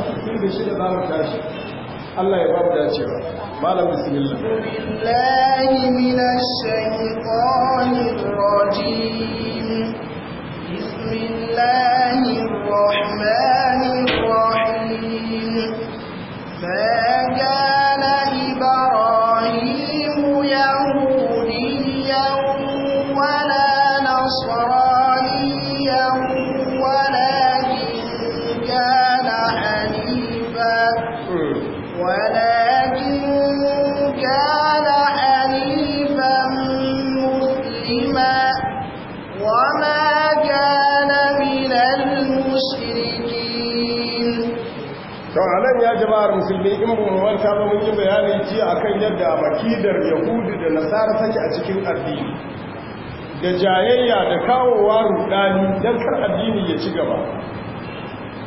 66 za mu tashi Allah ya ba mu dacewa malam bismillah billahi minash shaitanir rajim bismillahir rahmanir akan yadda makidar yahudu da nasara take a cikin addini da jayayya da kawowa rudani don kar addini ya ci gaba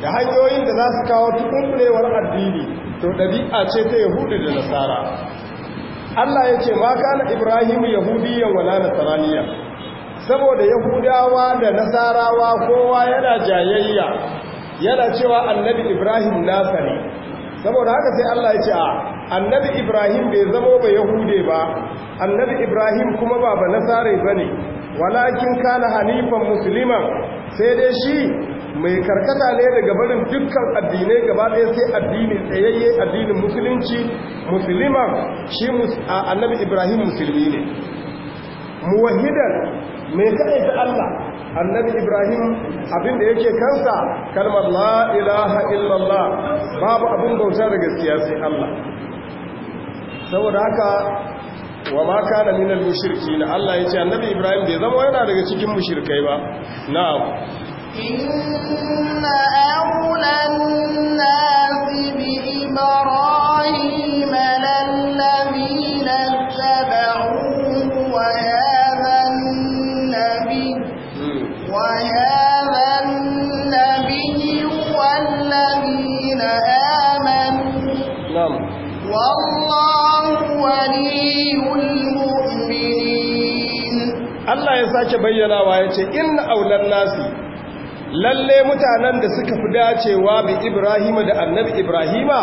da hanyoyin da za su kawo tukunkulewar addini to ɗabi'a ce ta yahudu da nasara Allah ya ce ma na ibrahimu yahudiyan wala nasaraniya saboda yahudawa da nasarawa kowa yana jayayya yana cewa annabi ibrahim nasari saboda haka sai Allah ya ce a annabi ibrahim bai zamo ba yahude ba annabi ibrahim kuma ba ba nasare ba ne walakin kana hanifan musulima sai dai shi mai karkata ne daga barin dukkan addinai gaba ɗaya sai addini tsayayye addinin musulunci musulman shi annabi ibrahim musulmi ne muwahidan mai ta allah annabi ibrahim abin da yake kansa kalmar la ilaha illallah babu abin bauta da gaskiya sai allah saboda haka wa ma minan minal na Allah yace annabi Ibrahim bai zama yana daga cikin mushrikai ba na'am inna bi ibrahima sake bayyanawa ya ce inna aular nasi lalle mutanen da suka fi dacewa bi ibrahima da annabi ibrahima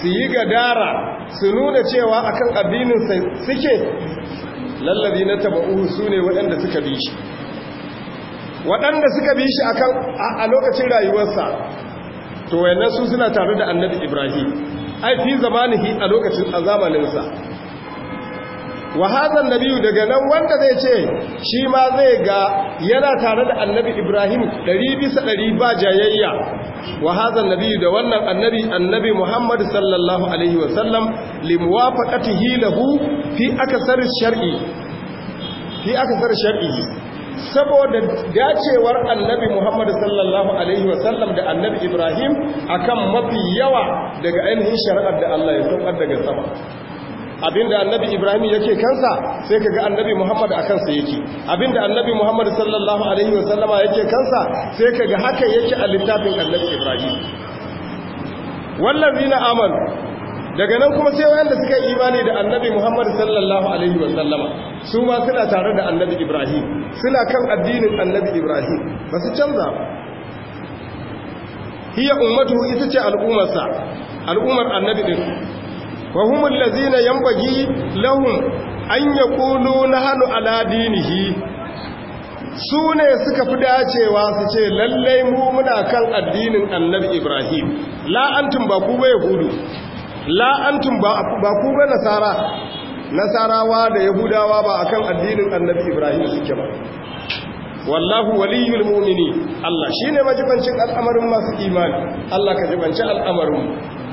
su yi gadara su nuna cewa akan addinin suke lallabi na uhu su ne waɗanda suka bi shi waɗanda suka bi shi a lokacin rayuwarsa to wayannan su suna tare da annabi ibrahim ai fi zamanihi a lokacin azamaninsa wa hazan nabiyu daga nan wanda zai ce shi ma zai ga yana tare da annabi ibrahim ɗari bisa ɗari ba jayayya wa hazan nabiyu da wannan annabi annabi muhammad sallallahu alaihi wasallam limuwafaqatihi lahu fi akasar shar'i fi akasar shar'i saboda dacewar annabi Muhammad sallallahu alaihi wasallam da annabi Ibrahim akan mafi yawa daga ainihin shari'ar da Allah ya saukar daga sama abinda annabi ibrahim yake kansa sai kaga annabi muhammad a kansa yake abinda annabi muhammad sallallahu alaihi wasallama yake kansa sai kaga haka yake a littafin annabi ibrahim na amanu daga nan kuma sai wanda suka imani da annabi Muhammad sallallahu alaihi wa sallama su ma suna tare da annabi Ibrahim suna kan addinin annabi Ibrahim ba su canza ba hiya ummatu ita ce al'ummarsa al'ummar annabi din wa humul lazina yanbaghi lahum an yaqulu nahnu ala dinihi su ne suka fi dacewa su ce lallai mu muna kan addinin annabi ibrahim La'antun ba ku ba yahudu la'antum ba ku ba nasara nasarawa da yahudawa ba akan addinin annabi ibrahim suke ba wallahu waliyul mu'mini Allah shine majibancin al'amarin masu imani Allah ka jibanci al'amarin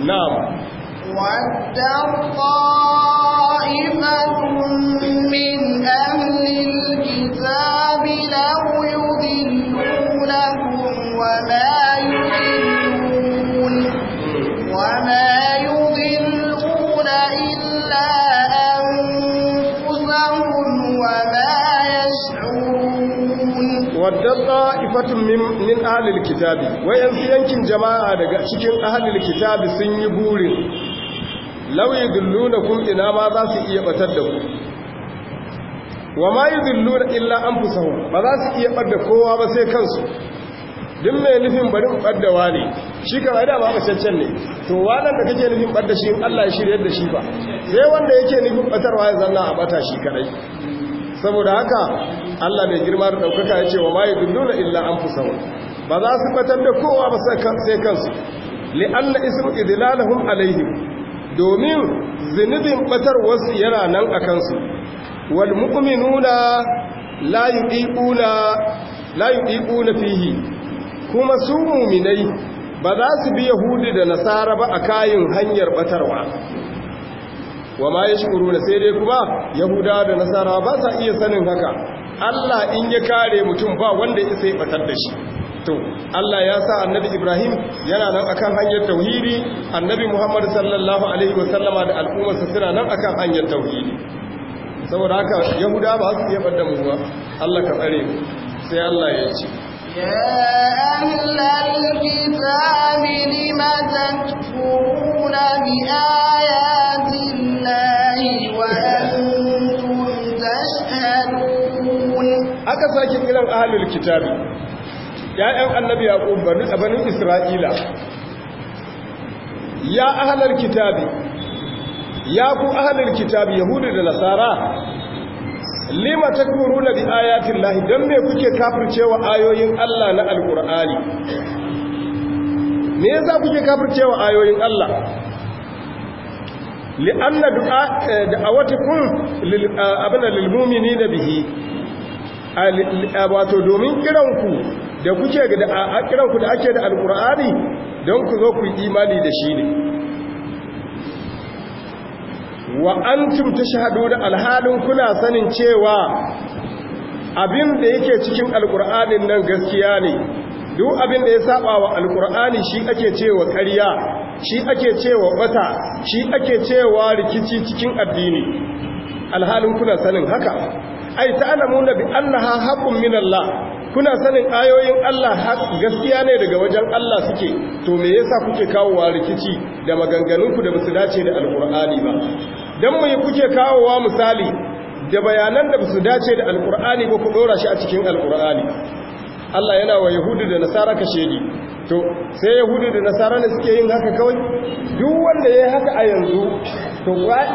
na'am min ahalil kitabi wayan yankin jama'a daga cikin ahalil kitabi sun yi burin lauyi dulluna kun ina ma za su iya batar da ku wa ma yi dulluna illa an fi sahu ba za su iya ɓadda kowa ba sai kansu duk mai nufin bari in ɓaddawa ne shi kan aida ba ɓacaccen ne to wanan da kake nufin ɓadda shi allah ya shirya da shi ba sai wanda yake nufin ɓatarwa ya zanna a ɓata shi kadai saboda haka allah mai girma da ɗaukaka ya ce wa ma yi dulluna illa an fi sahu ba za su ɓatar da kowa ba sai kansu li'alla ismu idlalahum alaihim domin zunubin wasu yana nan a kansu walmu'minuna la yudiquna fihi kuma su mu'minai ba za su bi yahudi da nasara ba a kayan hanyar batarwa wa ma yashkuruna sai dai kuma yahuda da nasara ba sa iya sanin haka Allah in ya kare mutum ba wanda ya sai batar da shi to Allah ya sa annabi Ibrahim yana nan akan hanyar tauhidi annabi Muhammad sallallahu alaihi wasallama da al'ummarsa suna nan akan hanyar tauhidi saboda haka yahuda ba su iya bada mu ba Allah ka tsare mu sai Allah ya ce ya ahlal kitab lima takfuruna bi ayati llahi wa antum tashhadun aka sake kiran ahlul kitab ya'yan annabi yaqub banin isra'ila ya ahlal kitabi ya ku ahlal kitabi yahudu da nasara lima takfuruna bi ayatin lahi dan me kuke kafircewa ayoyin Allah na alqur'ani me yasa kuke kafircewa ayoyin Allah li'anna du'a eh, da'awatukum lil eh, abana lil mu'minina bihi eh, wato domin kiranku da kuke da akiran ku da ake da alkur'ani don ku zo ku imani da shi ne wa antum tashhaduna alhalin kuna sanin cewa abin da yake cikin alkur'anin nan gaskiya ne duk abin da ya saba wa alkur'ani shi ake cewa ƙarya shi ake cewa bata shi ake cewa rikici cikin addini alhalin kuna sanin haka ai ta'lamuna bi annaha haqqun min Allah kuna sanin ayoyin Allah gaskiya ne daga wajen Allah suke to me yasa kuke kawowa rikici da maganganunku da basu dace da alkur'ani ba dan me kuke kawowa misali da bayanan da basu dace da alkur'ani ko ku dora shi a cikin alkur'ani Allah yana wa yahudu da nasara kashe ni to sai yahudu da nasara ne suke yin haka kawai duk wanda yayi haka a yanzu to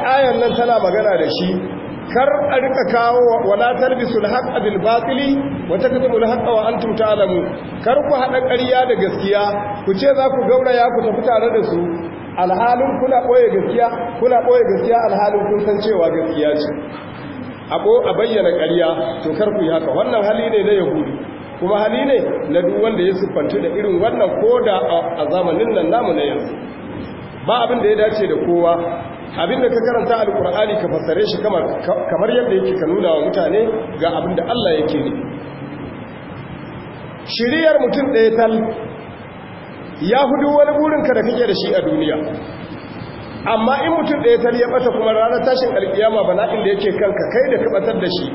ayan nan tana magana da shi kar a rika kawo wala talbisul haqqa bil batili wa takdhibul haqqa wa antum ta'lamun kar ku hada ƙarya da gaskiya ku ce za ku gauraya ku tafi tare da su alhalin kuna boye gaskiya kuna boye gaskiya alhalin kun san cewa gaskiya ce abo a bayyana ƙarya to kar ku yi haka wannan hali ne na yahudi kuma hali ne na duk wanda ya siffanci da irin wannan koda a zamanin nan namu na yanzu ba abin da ya dace da kowa Abin da ka karanta alkur'ani ka fassare shi kamar yadda yake ka nuna wa mutane ga abinda Allah yake ne shiriyar mutum ɗaya tal ya hudu wani ka da kake da shi a duniya amma in mutum ɗaya tal ya bata kuma ranar tashin alkiyama bana inda yake kanka kai da ka batar da shi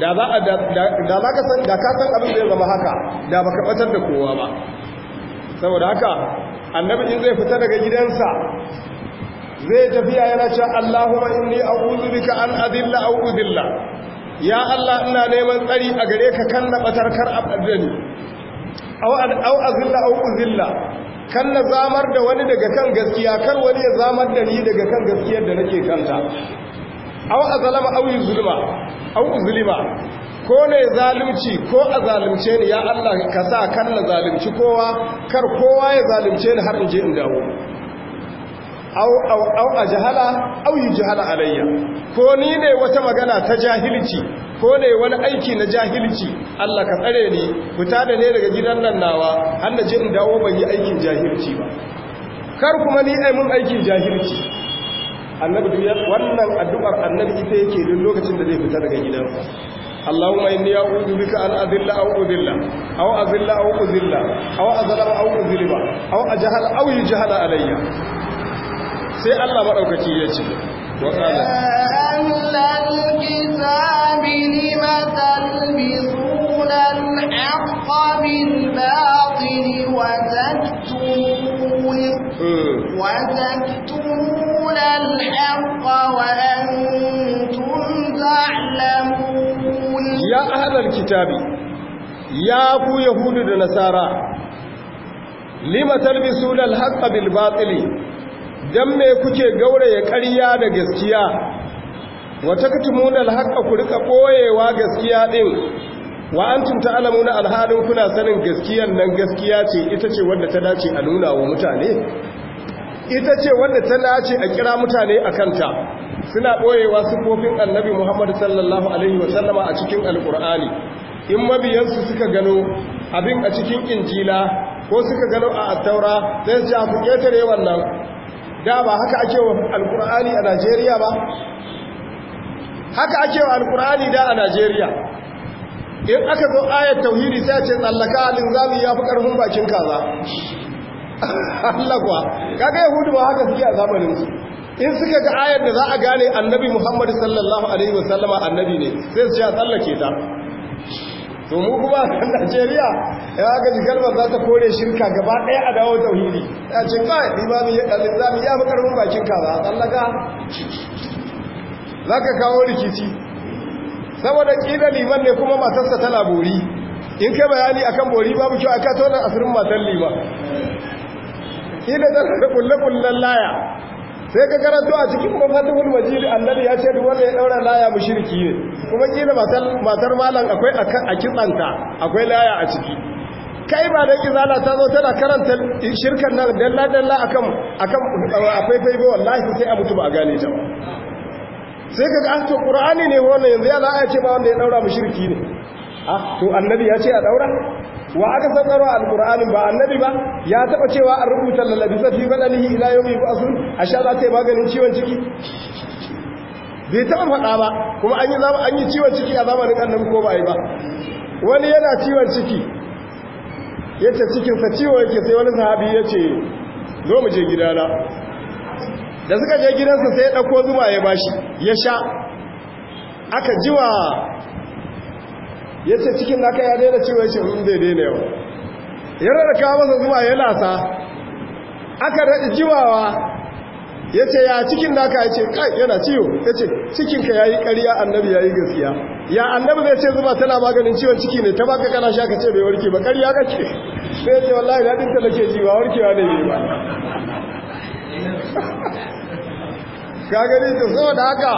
da za ka san abin da ya zama haka da baka batar da kowa ba saboda haka annabi in zai fita daga gidansa zai tafiya yana ce Allahumma inni a'udhu bika an adilla aw udilla ya Allah ina neman tsari a gare ka kan na batarkar abdani aw aw azilla aw udilla kan na zamar da wani daga kan gaskiya kar wani ya zamar da ni daga kan gaskiyar da nake kanta aw azlama aw yuzlima aw uzlima ko ne zalunci ko a zalunce ni ya Allah ka sa kan na zalunci kowa kar kowa ya zalunce ni har in je in dawo au a jihala au yi jihala alayya ko ni ne wata magana ta jahilci ko ne wani aiki na jahilci Allah ka tsare ni fita da ne daga gidan nan nawa har na je dawo ban yi aikin jahilci ba kar kuma ni ai mun aikin jahilci annabi wannan addu'ar annabi ita yake duk lokacin da zai fita daga gidan Allahumma inni a'udhu bika an adilla aw udilla aw azilla aw udilla aw أظلم aw udilla aw أجهل aw يجهل alayya. sai Allah maɗaukaci ya ce ya ahalar hmm. kitabi ya ku yahudu da nasara lima talbisu lal haqqa bil batili don me kuke gauraya ƙarya da gaskiya wata muna alhaka ku rika ɓoyewa gaskiya ɗin wa an tunta alamuna alhalin kuna sanin gaskiyan nan gaskiya ce ita ce wanda ta dace a nuna wa mutane ita ce wanda ta dace a kira mutane a kanta suna ɓoyewa siffofin annabi muhammadu sallallahu alaihi wasallama a cikin alƙur'ani in mabiyansu suka gano abin a cikin injila ko suka gano a attaura sai su ce a ku ƙetare wannan da ba haka ake wa alkur'ani a najeriya ba haka ake wa alkur'ani da a najeriya in aka zo ayat tauhidi sai ce tsallaka linzami ya fi ƙarfin bakin kaza allakwa kuwa kaga yahudu ba haka suke a zamanin su in suka ga ayat da za a gane annabi muhammadu sallallahu alaihi wasallama annabi ne sai su ce tsallake ta to kuma a Najeriya ya ga ji za ta kore shirka gaba ɗaya a dawo tauhidi ya ce kai limami ya dalil zami ya fi karfin bakin ka a tsallaka za ka kawo rikici saboda ƙila liman ne kuma matarsa tana bori. in kai bayani akan bori babu kyau a kato asirin matan liman ƙila ta kulle-kullen laya sai ka karanto a cikin mafatihul majid annabi ya ce duk wanda ya daura laya mushriki ne kuma kila matar matar malam akwai a kitsanta akwai laya a ciki kai ba da kizala ta zo tana karanta shirkan nan dalla dalla akan akan akwai ba wallahi sai a mutu ba a gane ta ba sai ka ga ah, to qur'ani ne wannan yanzu ya la'aya ce ba wanda ya daura mushriki ne ah to annabi ya ce a daura wa aka saukar alqur'ani ba annabi ba ya taba cewa an rubuta lalabisa fi badanihi ila yawmi yub'asun asha za ta yi maganin ciwon ciki bai taba faɗa ba kuma an yi an yi ciwon ciki a zamanin annabi ko ba yi ba wani yana ciwon ciki yace cikin sa ciwo yake sai wani sahabi yace zo mu je gidana da suka je gidansa sai ya dauko zuma ya bashi ya sha aka jiwa Yace cikin naka ya daina cewa yace mun hun daina yau ya ka masa zuwa ya lasa aka raɗi jiwawa Yace ya cikin naka ya kai yana ciwo Yace cikin cikinka ya yi ƙarya annabi ya yi gaskiya ya annabi zai ce zuba tana maganin ciwon ciki ne ta baka kana sha ka ce bai warke ba ƙarya kake sai yace wallahi na ɗinta nake ji ba warkewa ne ba ka gani so da haka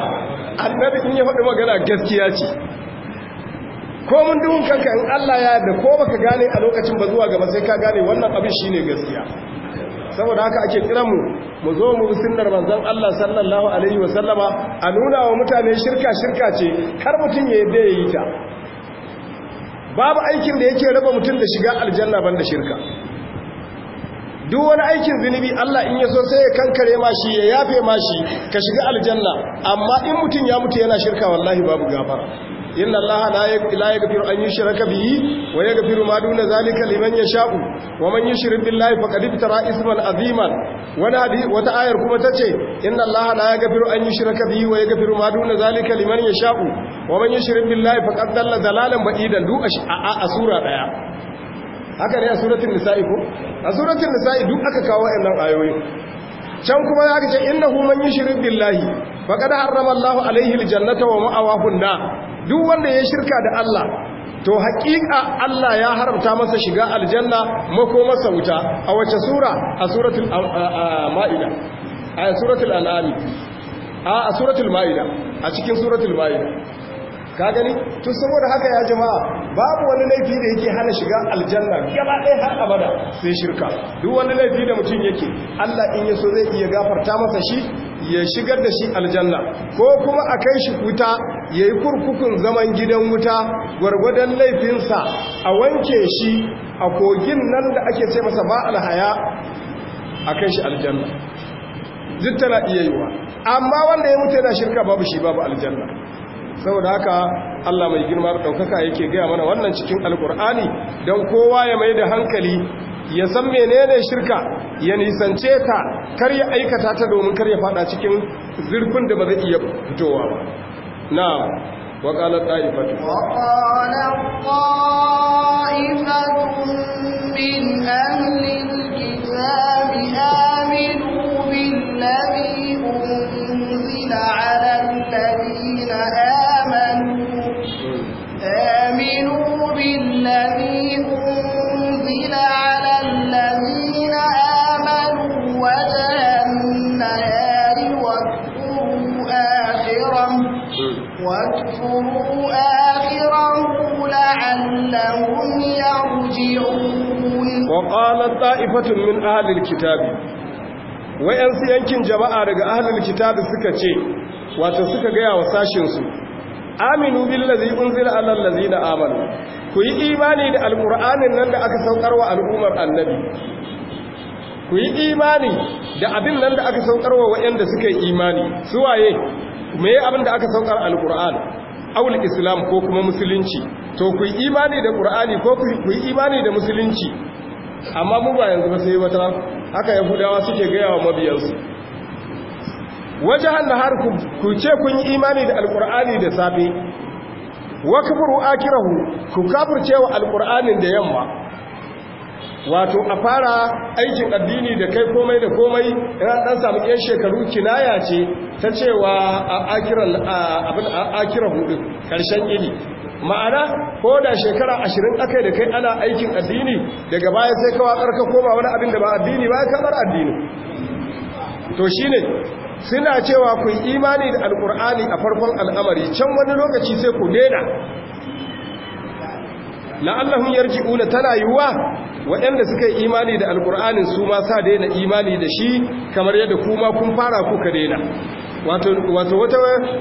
annabi in ya faɗi magana gaskiya ce ko mun duhun kanka in Allah ya yarda ko baka gane a lokacin ba zuwa gaba sai ka gane wannan abin shine gaskiya saboda haka ake kiran mu mu zo mu sunnar manzon Allah sallallahu alaihi wa sallama a nuna wa mutane shirka shirka ce kar mutun ya yadda yayi ta babu aikin da yake raba mutun da shiga aljanna banda shirka duk wani aikin zunubi Allah in ya so sai ya kankare ma ya yafe mashi ka shiga aljanna amma in mutun ya mutu yana shirka wallahi babu gafara inna allaha la yaghfiru an yushraka bihi wa yaghfiru ma duna zalika liman yasha'u wa man yushrik billahi faqad iftara isman aziman wata ayar kuma tace inna allaha la yaghfiru an yushraka bihi wa yaghfiru ma duna zalika liman yasha'u wa man yushrik billahi faqad dalla dalalan ba'idan du a sura daya haka ne a suratul nisa'i ko a suratul nisa'i duk aka kawo wayannan ayoyi can kuma ya ce innahu man yushrik billahi faqad harrama Allahu alaihi aljannata wa ma'awahu an-nar duk wanda ya shirka da Allah to haƙiƙa Allah ya haramta masa shiga aljanna masa wuta a wace sura a suratul ma'ida a suratul an'am a suratul ma'ida a cikin suratul ma'ida ka gani to saboda haka ya jama'a babu wani laifi da yake hana shiga aljanna gaba ɗaya har abada sai shirka duk wani laifi da mutum yake Allah in yaso zai iya gafarta masa shi ya shigar da shi aljanna ko kuma a kai shi wuta ya yi kurkukun zaman gidan wuta gwargwadon laifinsa a wanke shi a kogin nan da ake ce masa ba alhaya a kai shi aljanna duk tana iya yiwa amma wanda ya mutu yana shirka babu shi babu aljanna saboda haka Allah mai girma da ɗaukaka yake gaya mana wannan cikin alkur'ani don kowa ya mai da hankali ya san menene shirka ya nisance ta kar ya aikata ta domin kar ya fada cikin zurfin da ba zai iya fitowa ba na'am wa qala ta'ifatu wa qala qa'ifatun min ahli al-kitabi aminu billadhi unzila 'ala alladhina wa qalat ta'ifatun min ahli alkitabi wayansu yankin jama'a daga ahli alkitabi suka ce wato suka gaya wa sashin su aminu billazi unzila ala da amanu ku yi imani da alqur'anin nan da aka saukar wa al'ummar annabi ku yi imani da abin nan da aka saukar wa wa'anda suka yi imani su waye? me abin da aka saukar alqur'ani awul islam ko kuma musulunci to ku yi imani da qur'ani ko ku yi imani da musulunci amma mu yanzu ba sai wata haka ya yahudawa suke gaya wa mabiyansu wajahan har ku ce kun yi imani da alkur'ani da safe wa kafuru akirahu ku kafirce wa alkur'anin da yamma wato a fara aikin addini da kai komai da komai ran dan samu yan shekaru kinaya ce ta cewa a akiran abin akirahu din karshen ili ma'ana ko da shekara ashirin aka da kai ana aikin addini daga baya sai kawa karka koma wani abin da ba addini ba ya kamar addini to shi ne suna cewa ku imani da alkur'ani a farkon al'amari can wani lokaci sai ku dena yarji ula tana yuwa waɗanda suka yi imani da alkur'anin su ma sa daina imani da shi kamar yadda kuma kun fara kuka daina wato wata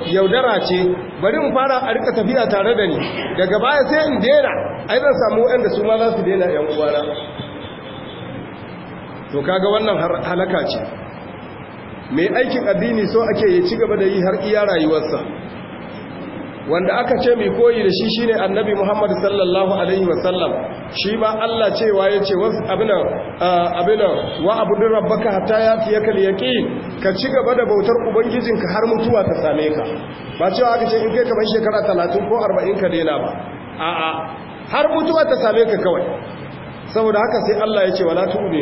yaudara ce bari mu fara a rika tafiya tare da ni daga baya sai in daina ai zan samu waɗanda su ma za su daina yan uwana to kaga wannan halaka ce mai aikin addini so ake ya ci gaba da yi har iya rayuwarsa wanda aka ce mai koyi da shi shi ne annabi Muhammadu sallallahu alaihi wasallam shi ba Allah cewa ya ce abina wa abudu rabbaka hatta yatiyakal yaqin ka ci gaba da bautar ubangijinka har mutuwa ta same ka ba cewa aka ce in kai kamar shekara talatin ko arba'in ka daina ba a'a har mutuwa ta same ka kawai saboda haka sai Allah ya ce wala ne.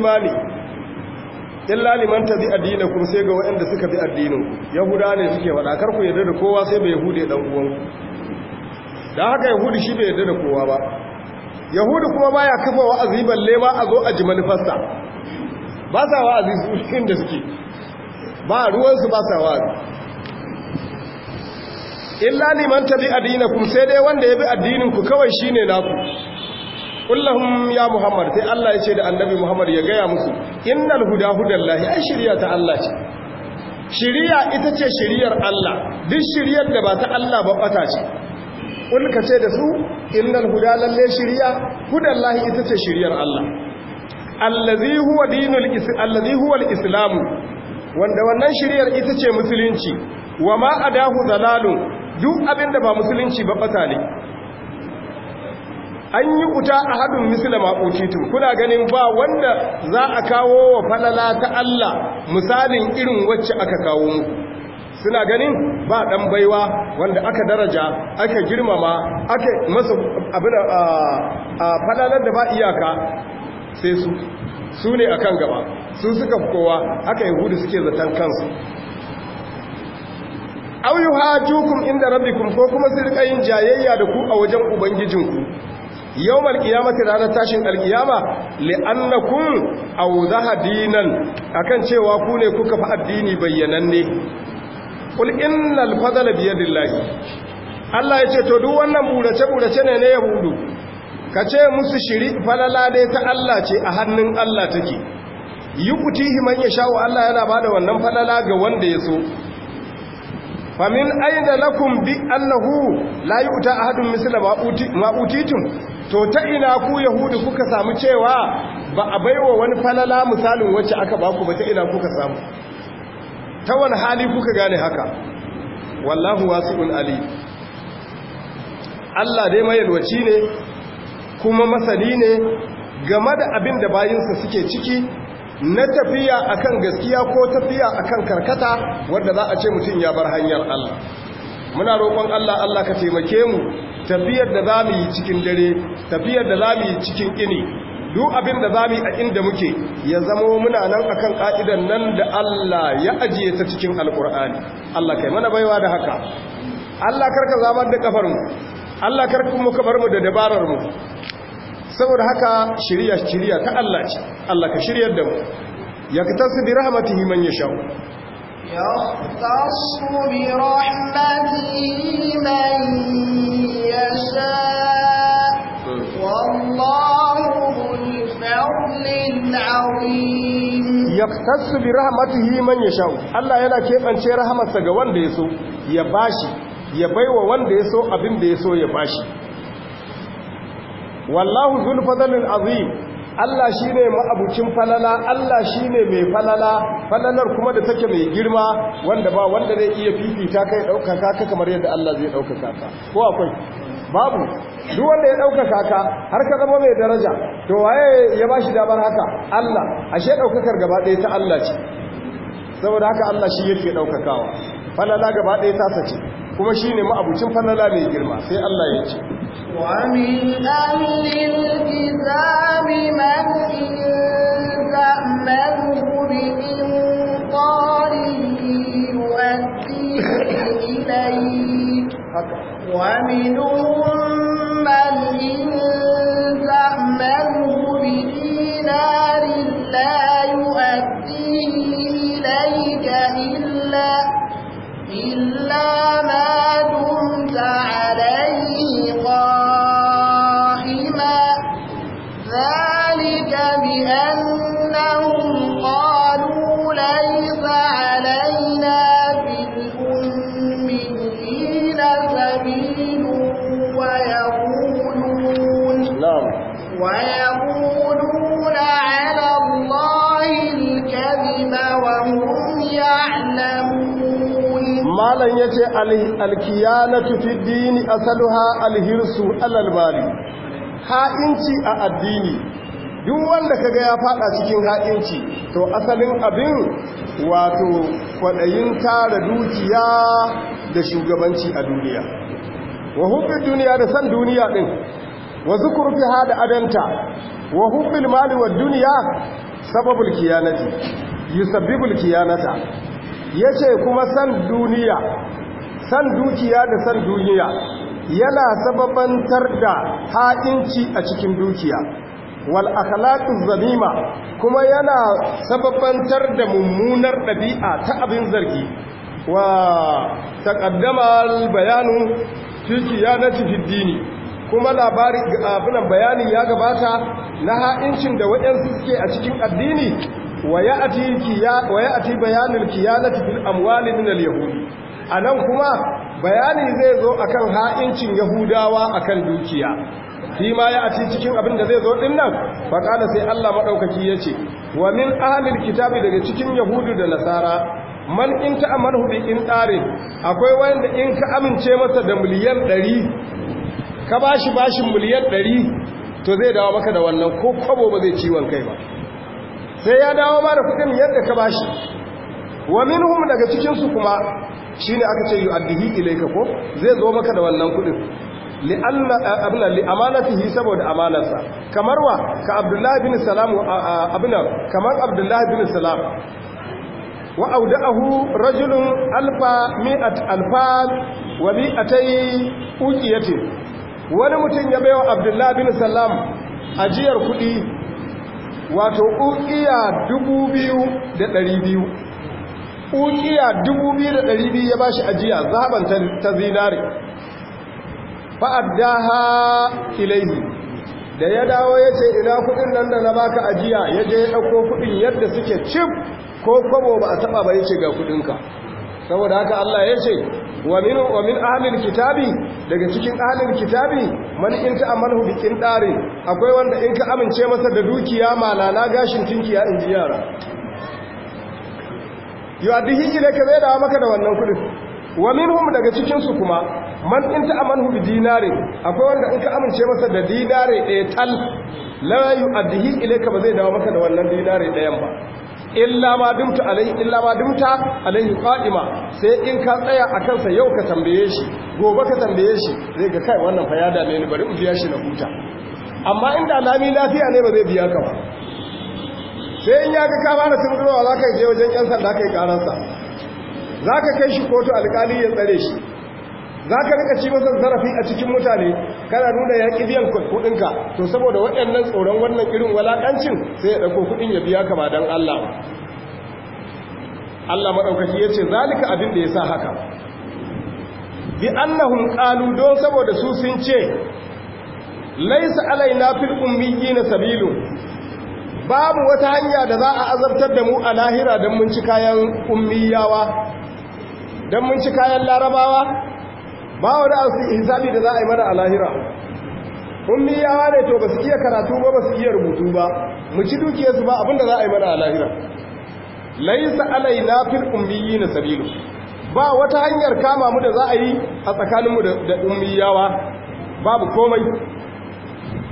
imani illa liman tabi addinakum sai ga waɗanda suka bi addinin yahuda ne suke wada kar ku yadda da kowa sai bai yahude dan uwan ku dan haka yahudi shi bai yadda da kowa ba yahudi kuma baya kafa wa balle lema a zo a ji manufarsa ba sa aziz su da suke ba ruwan su ba sa wa illa liman tabi addinakum sai dai wanda ya bi addinin ku kawai shine naku Kullum ya muhammad sai Allah ya ce da annabi muhammad ya gaya musu innal huda hudallahi ai shiriya ta Allah ce shiriya ita ce shiriyar Allah duk shiriyar da ba ta Allah ba bata ce kun ka ce da su innal huda lalle shiriya hudallahi ita ce shiriyar Allah allazi huwa dinul allazi huwa alislam wanda wannan shiriyar ita ce musulunci wa ma adahu zalalun duk abinda ba musulunci ba bata ne an yi wuta a haɗin misila maƙutitun kuna ganin ba wanda za a kawo wa falala ta Allah misalin irin wacce aka kawo muku suna ganin ba ɗan baiwa wanda aka daraja aka girmama aka masa abin a falalar da ba iyaka sai su su ne a kan gaba su suka fi kowa haka hudu suke zaton kansu auyu jukun inda rabbikum ko kuma sirkayin jayayya da ku a wajen ubangijinku yau malkiyamata ranar tashin alkiyama li'annakun auzaha dinan akan cewa ku ne kuka fi addini bayyananne kul innal fadala biyadillahi Allah ya ce to duk wannan burace burace ne na yahudu ka ce musu shiri falala dai ta Allah ce a hannun Allah take yuqtihi man yasha'u Allah yana bada wannan falala ga wanda ya so famin aina lakum bi annahu la yu'ta ahadun misla ma utitum to ta ina ku yahudu kuka samu cewa ba a baiwa wani falala misalin wacce aka baku ba ta ina kuka samu ta wani hali kuka gane haka wallahu wasi'un ali Allah dai yalwaci ne kuma masani ne game da abin da bayinsa suke ciki na tafiya akan gaskiya ko tafiya akan karkata wanda za a ce mutum ya bar hanyar Allah muna roƙon Allah Allah ka taimake mu tafiyar da za mu yi cikin dare tafiyar da za mu yi cikin ini duk abin da za mu yi a inda muke ya zamo muna nan akan ka'idan nan da Allah ya ajiye ta cikin Alƙur'ani. Allah kai mana baiwa da haka Allah karka zamar da mu, Allah karka mu kabar mu da dabarar mu saboda haka shirya shirya ta Allah ce Allah ka shiryar da mu yaktasu bi rahmatihi man yasha yaktasu bi من man والله ya الفضل العظيم يختص yana keɓance ga wanda ya so ya bashi ya baiwa wanda ya so abin da ya so ya bashi wallahu dhul azim Allah shi ne ma'abucin falala Allah shi ne mai falala falalar kuma da take mai girma wanda ba wanda zai iya fifita kai ɗaukaka ka kamar yadda Allah zai ɗaukaka ka ko akwai babu duk wanda ya ɗauka kaka, har ka zama mai daraja to waye ya ba shi damar haka Allah ashe ɗaukakar gaba ɗaya ta Allah ce saboda haka Allah shi yake ɗaukakawa falala gaba ɗaya ta sace kuma shi ne ma'abucin falala mai girma sai Allah ya ce ومن أهل من إن تأمنه بإنقاره يؤديه إليك ومنهم من إن تأمنه بدينار لا يؤديه إليك إلا إلا alkiyanatu fi dini ha alhirsu alalbari ha'inci a addini duk wanda kaga ya fada cikin ha'inci to asalin abin wato kwadayin tara dukiya da shugabanci a duniya wa hubbin duniya da san duniya din wa zukurfiha da adanta wa hubbil mali wa duniya sababul kiyanati yusabbibul kiyanata yace kuma san duniya san dukiya da san duniya yana sababantar da ha'inci a cikin dukiya wal akhlaqu zalima kuma yana sababantar da mummunar ɗabi'a ta abin zargi wa taqaddama al bayanu fi na cikin dini kuma labari abin bayani ya gabata na ha'incin da wayansu suke a cikin addini wa ya'ati bayanin kiyanati fil amwali min al yahudi a nan kuma bayani zai zo a kan ha'incin yahudawa a kan dukiya shi ma ya ci cikin abin da zai zo din nan faƙala sai Allah maɗaukaki ya ce wa min ahalin kitabi daga cikin yahudu da nasara man in amar hudu in ɗare akwai wanda in ka amince masa da miliyan ɗari ka bashi bashin miliyan ɗari to zai dawo maka da wannan ko kwabo ba zai ciwon kai ba sai ya dawo ma da kuɗin yadda ka bashi wa min hum daga cikinsu kuma shi ne aka ce yi addihi ilaika ko zai zo maka da wannan kudin li'amanatihi saboda amanarsa kamar wa ka abdullahi bin salam abinan kamar abdullahi bin salam wa auda'ahu rajulun alfa mi'at alfa wa mi'atai uqiyati wani mutum ya baiwa abdullahi bin salam ajiyar kudi wato dubu biyu da dari biyu. ukiya biyu ya bashi ajiya zaban ta zinare ha ilaihi da ya dawo ya ce ina kuɗin nan da na baka ajiya ya je ya ɗauko kuɗin yadda suke cif ko kwabo ba a taba ba ya ce ga kudinka saboda haka Allah ya ce wa min ahlil kitabi daga cikin ahlil kitabi man in ta'amalu bi ɗari." akwai wanda in ka amince masa da dukiya malala gashin tinki, in ji yara ne ka zai dawa maka da wannan kudin wa hum daga cikin su kuma man in ta'amanhu bi dinare akwai wanda in ka amince masa da dinari ɗaya tal la yu'addihi ilayka ba zai dawa maka da wannan dinare ɗayan ba illa ma dumta alai illa ma sai in ka tsaya akan sa yau ka tambaye shi gobe ka tambaye shi zai ga kai wannan fa ya bari in biya shi na huta amma inda lami lafiya ne ba zai biya ka ba sai in ya ga ka fara tundurowa za ka je wajen yan sanda ka yi karansa za ka kai shi kotu alkali ya tsare shi za ka rika ci masa zarafi a cikin mutane kana nuna ya ƙi biyan kuɗinka to saboda waɗannan tsoron wannan irin walaƙancin sai ya ɗauko kuɗin ya biya kama don allah allah maɗaukaki ya ce zalika abin da ya sa haka bi annahum qalu don saboda su sun ce laisa alaina fil ummiyina sabilu babu wata hanya da za a azabtar da mu a lahira don mun ci kayan ummiyawa don mun ci kayan larabawa ba wani asu hisabi da za a yi mana a lahira ummiyawa ne to ba su iya karatu ba ba su iya rubutu ba mu ci dukiyarsu ba abinda za a yi mana a lahira laisa alaina lafin ummiyi na sabilu ba wata hanyar kama mu da za a yi a tsakaninmu da ummiyawa babu komai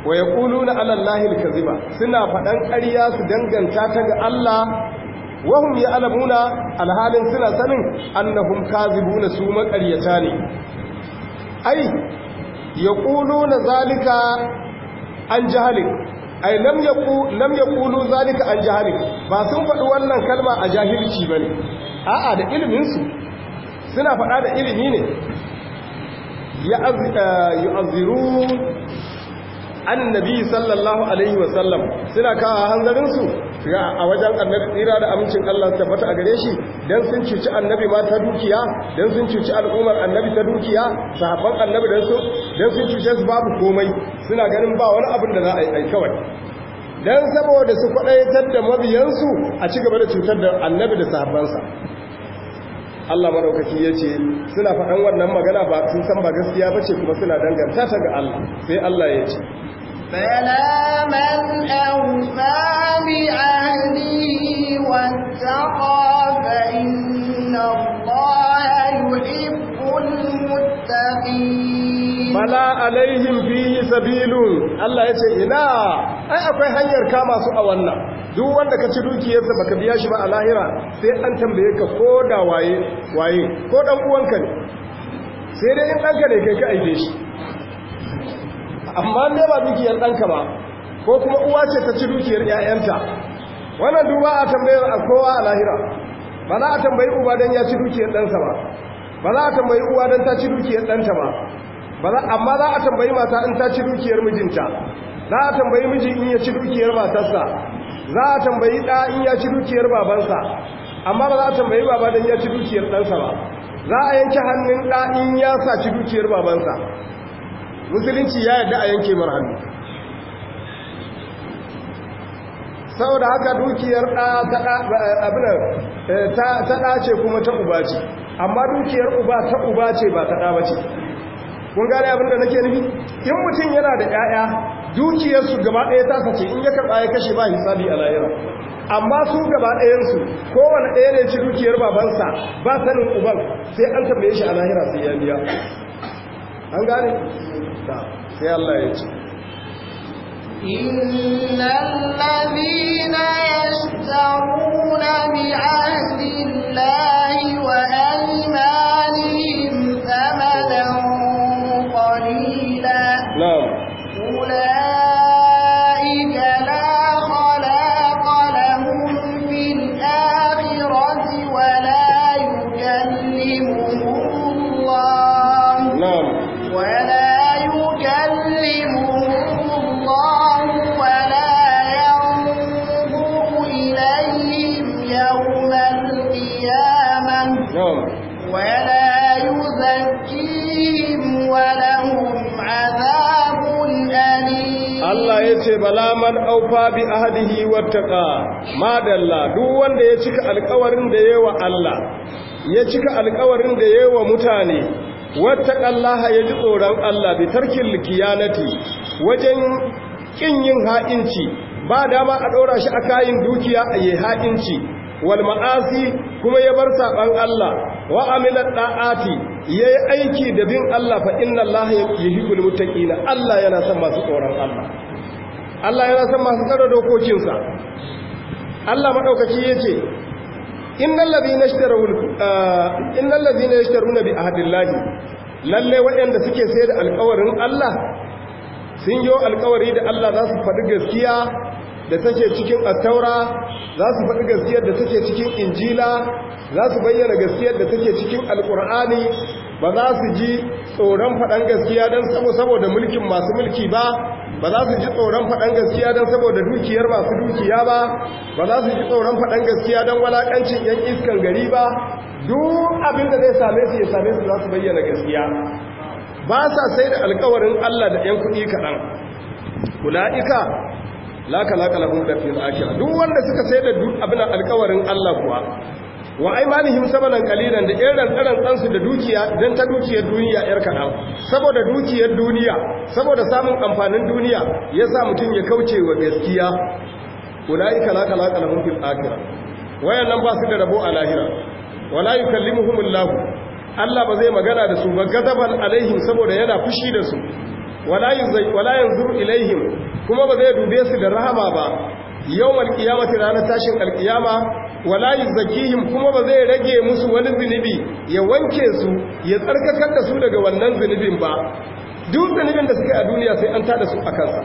wa ya ƙulu na alallahi kaziba suna faɗan ƙarya su danganta ta ga Allah wahum ya alamuna alhalin suna sanin annahum kazibu na su maƙaryata ne ai ya ƙulu na zalika an jahalin ai lam ya ƙulu zalika an jahalin ba sun faɗi wannan kalma a jahilci ba ne a'a da iliminsu suna faɗa da ilimi ne ya eh, azirun an nabi sallallahu alaihi wasallam suna kawo hanzarinsu a wajen annabira da amincin Allah tabbata a gare shi dan sun cuci annabi ma ta dukiya dan sun cuci al'ummar annabi ta dukiya sahabban annabi dan su dan sun cuce su babu komai suna ganin ba wani abin da za a yi kawai dan saboda su kwadaitar da mabiyansu a ci gaba da cutar da annabi da sa Allah madaukaki ya ce suna faɗan wannan magana ba sun san ba gaskiya ba ce kuma suna danganta ta ga Allah sai Allah ya Bala alaihim fiye Sabilun, Allah ya ce, "Ina, ai akwai hanyar kama su a wannan, duk wanda ka ci dukiyarsa baka biya shi ba a lahira sai an tambaye ka ko da waye, waye, ko ɗan’uwanka ne, sai dai in ɗanka ne kai ka aike shi. amma ne ba dukiyar ɗanka ba ko kuma uwa ce ta ci dukiyar ‘ya'yanta wannan duba a tambayar a kowa a lahira ba za a tambayi uba don ya ci dukiyar ɗansa ba ba za a tambayi uwa don ta ci dukiyar ɗanta ba amma za a tambayi mata in ta ci dukiyar mijinta za a tambayi miji in ya ci dukiyar matarsa za a tambayi ɗa in ya ci dukiyar babansa amma ba za a tambayi baba don ya ci dukiyar ɗansa ba za a yanke hannun ɗa in ya sa ci dukiyar babansa musulunci ya yadda a yanke mara hannu saboda haka dukiyar ta ɗace eh, eh, kuma ta uba ce amma dukiyar uba ta uba ce ba ta ɗa ba ce kun gane abinda nake nufi in mutum yana da ƴaƴa dukiyarsu gaba ɗaya ta sace in ya karɓa ya kashe ba hisabi a layira. amma su gaba ɗayansu kowane ɗaya ne ci dukiyar babansa ba sanin uban sai an tambaye shi a lahira sai ya biya an gane sai Allah ya ce innal ladina yashtaruna wa aymanihim thamanan qalila man aufa bi ahdihi wattaqa madalla duk wanda ya cika alƙawarin da yawa Allah ya cika alkawarin da yawa mutane wattaqallaha yaji tsoron Allah bi tarkil kiyanati wajen kin yin ha'inci ba dama a dora shi a kayin dukiya a yi ha'inci wal ma'asi kuma ya bar saban Allah wa amila da'ati yayi aiki da bin Allah fa inna Allah yuhibbul muttaqina Allah yana son masu tsoron Allah Allah yana san masu tsara dokokinsa Allah maɗaukaci yace ce innan labina innal shitaru na bi ah, a lalle waɗanda suke sayar da alkawarin Allah sun yi alkawari da Allah za su faɗi gaskiya da take cikin attaura za su faɗi gaskiyar da take cikin injila za su bayyana gaskiyar da take cikin alkur'ani ba za su ji tsoron faɗan gaskiya don saboda mulkin masu mulki ba ba za su ji tsoron faɗan gaskiya don saboda dukiyar masu dukiya ba ba za su ji tsoron faɗan gaskiya don walaƙancin yan iskan gari ba duk abin da zai same su ya same su za su bayyana gaskiya ba sa sai da alkawarin Allah da 'yan kuɗi kaɗan kula'ika laka laka lahun da fil akira duk wanda suka sai da duk abin alkawarin Allah kuwa wa aimanihim sabalan kalilan da irin karan tsansu da dukiya dan ta dukiyar duniya yar kaɗan saboda dukiyar duniya saboda samun amfanin duniya yasa mutum ya kauce wa gaskiya ulaika la kala lahum fil akhirah wayannan ba su da rabo a lahira wala yukallimuhumullahu Allah ba zai magana da su ba gadaban alaihim saboda yana fushi da su wala yuzai wala yanzuru ilaihim kuma ba zai dube su da rahama ba yawmal qiyamati ranar tashin alqiyama wala yuzakkihim kuma ba zai rage musu wani zunubi ya wanke su ya tsarkakar da su daga wannan zunubin ba duk zunubin da suka yi a duniya sai an tada su a kansa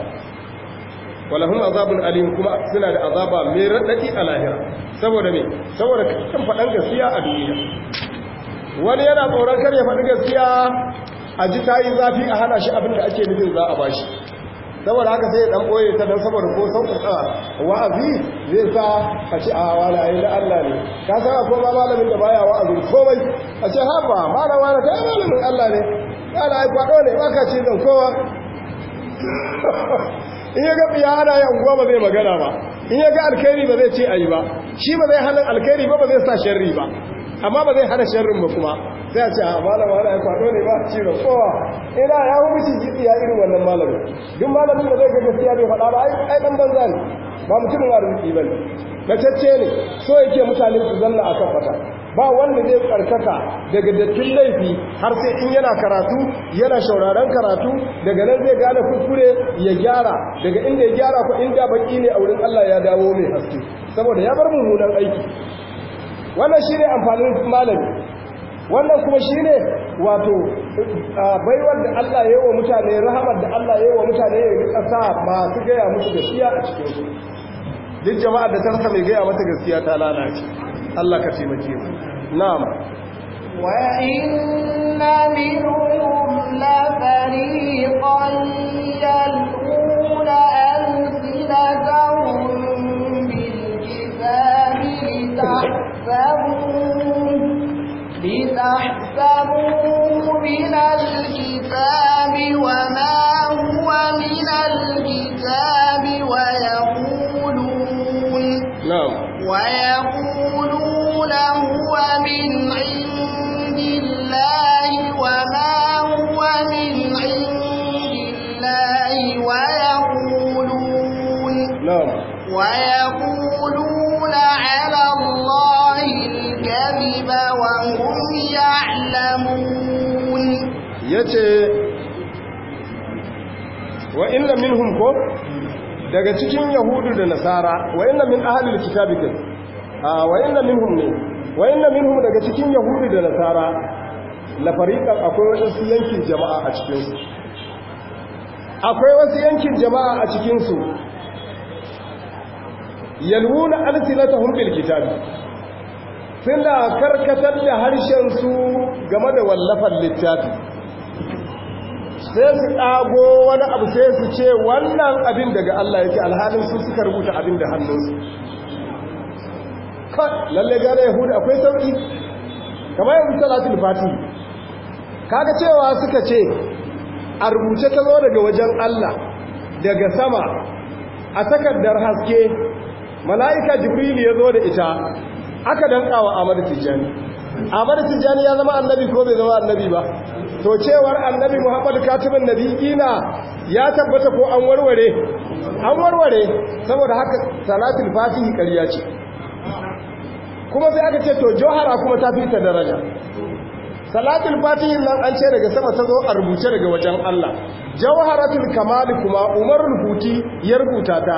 walahum azabun alim kuma suna da azaba mai raɗaɗi a lahira saboda me saboda kan faɗan gaskiya a duniya wani yana tsoron kar ya faɗi gaskiya a ji ta yi zafi a hana shi abin da ake nufin za a bashi saboda haka sai dan boye ta dan saboda ko san wa'azi zai sa a ce a wala ai da Allah ne ka san ko ba malamin da baya wa'azi komai a ce ha ba malama na kai malamin Allah ne kana ai kwado ne ka ci dan kowa in ya ga biya ana ya unguwa ba zai magana ba in ya ga alkhairi ba zai ce ayi ba shi ba zai halin alkhairi ba ba zai sa sharri ba amma ba zai hana sharrin ba kuma sai a ce a ah, malama wani kwado ne ba ci ba kowa ina ya hu mishi ya irin wannan malamin duk malamin da zai ga gaskiya bai faɗa ba ai ɗan banza ne ba mutumin arziki ba ne na cacce ne so yake mutane su zanna a kan fata ba wanda zai karkata daga dattin laifi har sai in yana karatu yana shauraren karatu daga nan zai gane kuskure ya gyara daga inda ya gyara ko inda baki ne a wurin Allah ya dawo mai haske saboda ya bar mummunan aiki wannan shi ne amfanin malami wannan kuma shi ne wato baiwar da Allah ya yi wa mutane rahamar da Allah ya yi wa mutane ya yi ƙasa masu gaya musu gaskiya a cikin su duk jama'ar da tarsa mai gaya mata gaskiya ta lalace Allah ka taimake mu Na'ama. wa inna minhum la farid daga cikin yahudu da nasara wa inna min ahlil kitabi kai ah, wa inna minhum ne wa inna minhum daga cikin yahudu da nasara la fariqan akwai wasu yankin jama'a a cikin su akwai wasu yankin jama'a a cikin su yalwuna alsinatahum bil kitabi suna karkatar da harshen su game da wallafar littafi sai su ɗago wani abu sai su ce wannan abin daga Allah yake alhalin su suka rubuta abin da hannunsu kan lalle gane yahudu akwai sauƙi kamar yanzu salatul fati kaga cewa suka ce a rubuce ta zo daga wajen Allah daga sama a takardar haske mala'ika jibril ya zo da ita aka danka wa amadu tijjani amadu tijjani ya zama annabi ko bai zama annabi ba to cewar annabi muhammadu katibin Nabi'ina ya tabbata ko an warware an warware saboda haka salatin fatihi kariya ce kuma sai aka ce to johara kuma ta fita daraja Salatin fatihi nan an ce daga sama ta zo a rubuce daga wajen Allah jawharatul Kamali kuma umar rubuti ya rubuta ta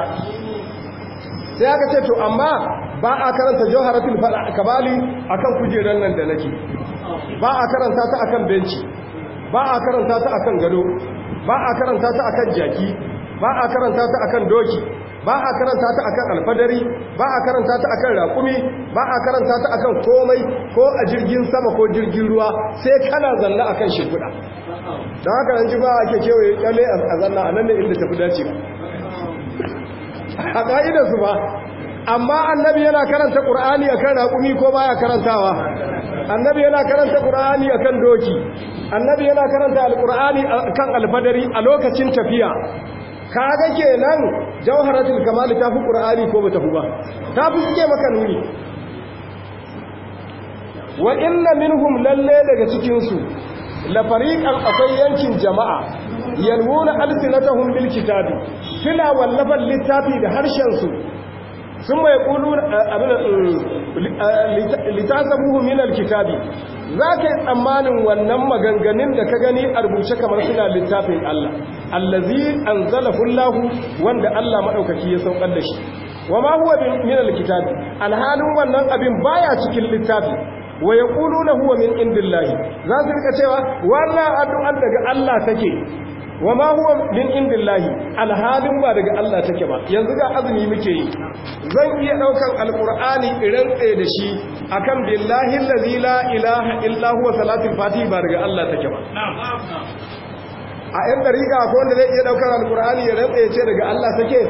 sai aka ce to amma ba a karanta jawharatul kamali akan kujerar nan da nake ba a karanta ta akan benci ba a karanta ta akan gado ba a karanta ta akan jaki ba a karanta ta akan doki ba a karanta ta akan alfadari ba a karanta ta akan raƙumi ba a karanta ta akan komai ko a jirgin sama ko jirgin ruwa sai kana zanna akan shimfiɗa don haka nan ji ba ake kewaye kyalle a zanna a nan ne inda tafi dace a ka'idarsu ba amma annabi yana karanta ƙur'ani akan raƙumi ko baya karantawa annabi yana karanta qur'ani akan doki annabi yana karanta alqur'ani akan alfadari a lokacin tafiya kaga kenan jawharatul kamal ta fi qur'ani ko bata fi ba ta fi suke maka nuni wa inna minhum lalle daga cikin su la fariqan akwai yankin jama'a yalwuna alsinatahum bil kitabi suna wallafan littafi da harshen su sun mai ƙulu litasabuhu min alkitabi za ka yi tsammanin wannan maganganun da ka gani a rubuce kamar suna littafin Allah allazi an zalafullahu wanda Allah maɗaukaki ya saukar da shi wa huwa min alkitabi alhalin wannan abin baya cikin littafi wa yaquluna huwa min indillahi za su rika cewa wannan addu'ar daga Allah take wa ma huwa min indillahi alhadin ba daga Allah take ba yanzu ga azumi muke yi zan iya daukan alqur'ani irin tsaye da shi akan billahi allazi la ilaha illa huwa salatul fati ba daga Allah take ba a yan dariƙa ko wanda zai iya daukan alqur'ani ya rantsa ya ce daga Allah take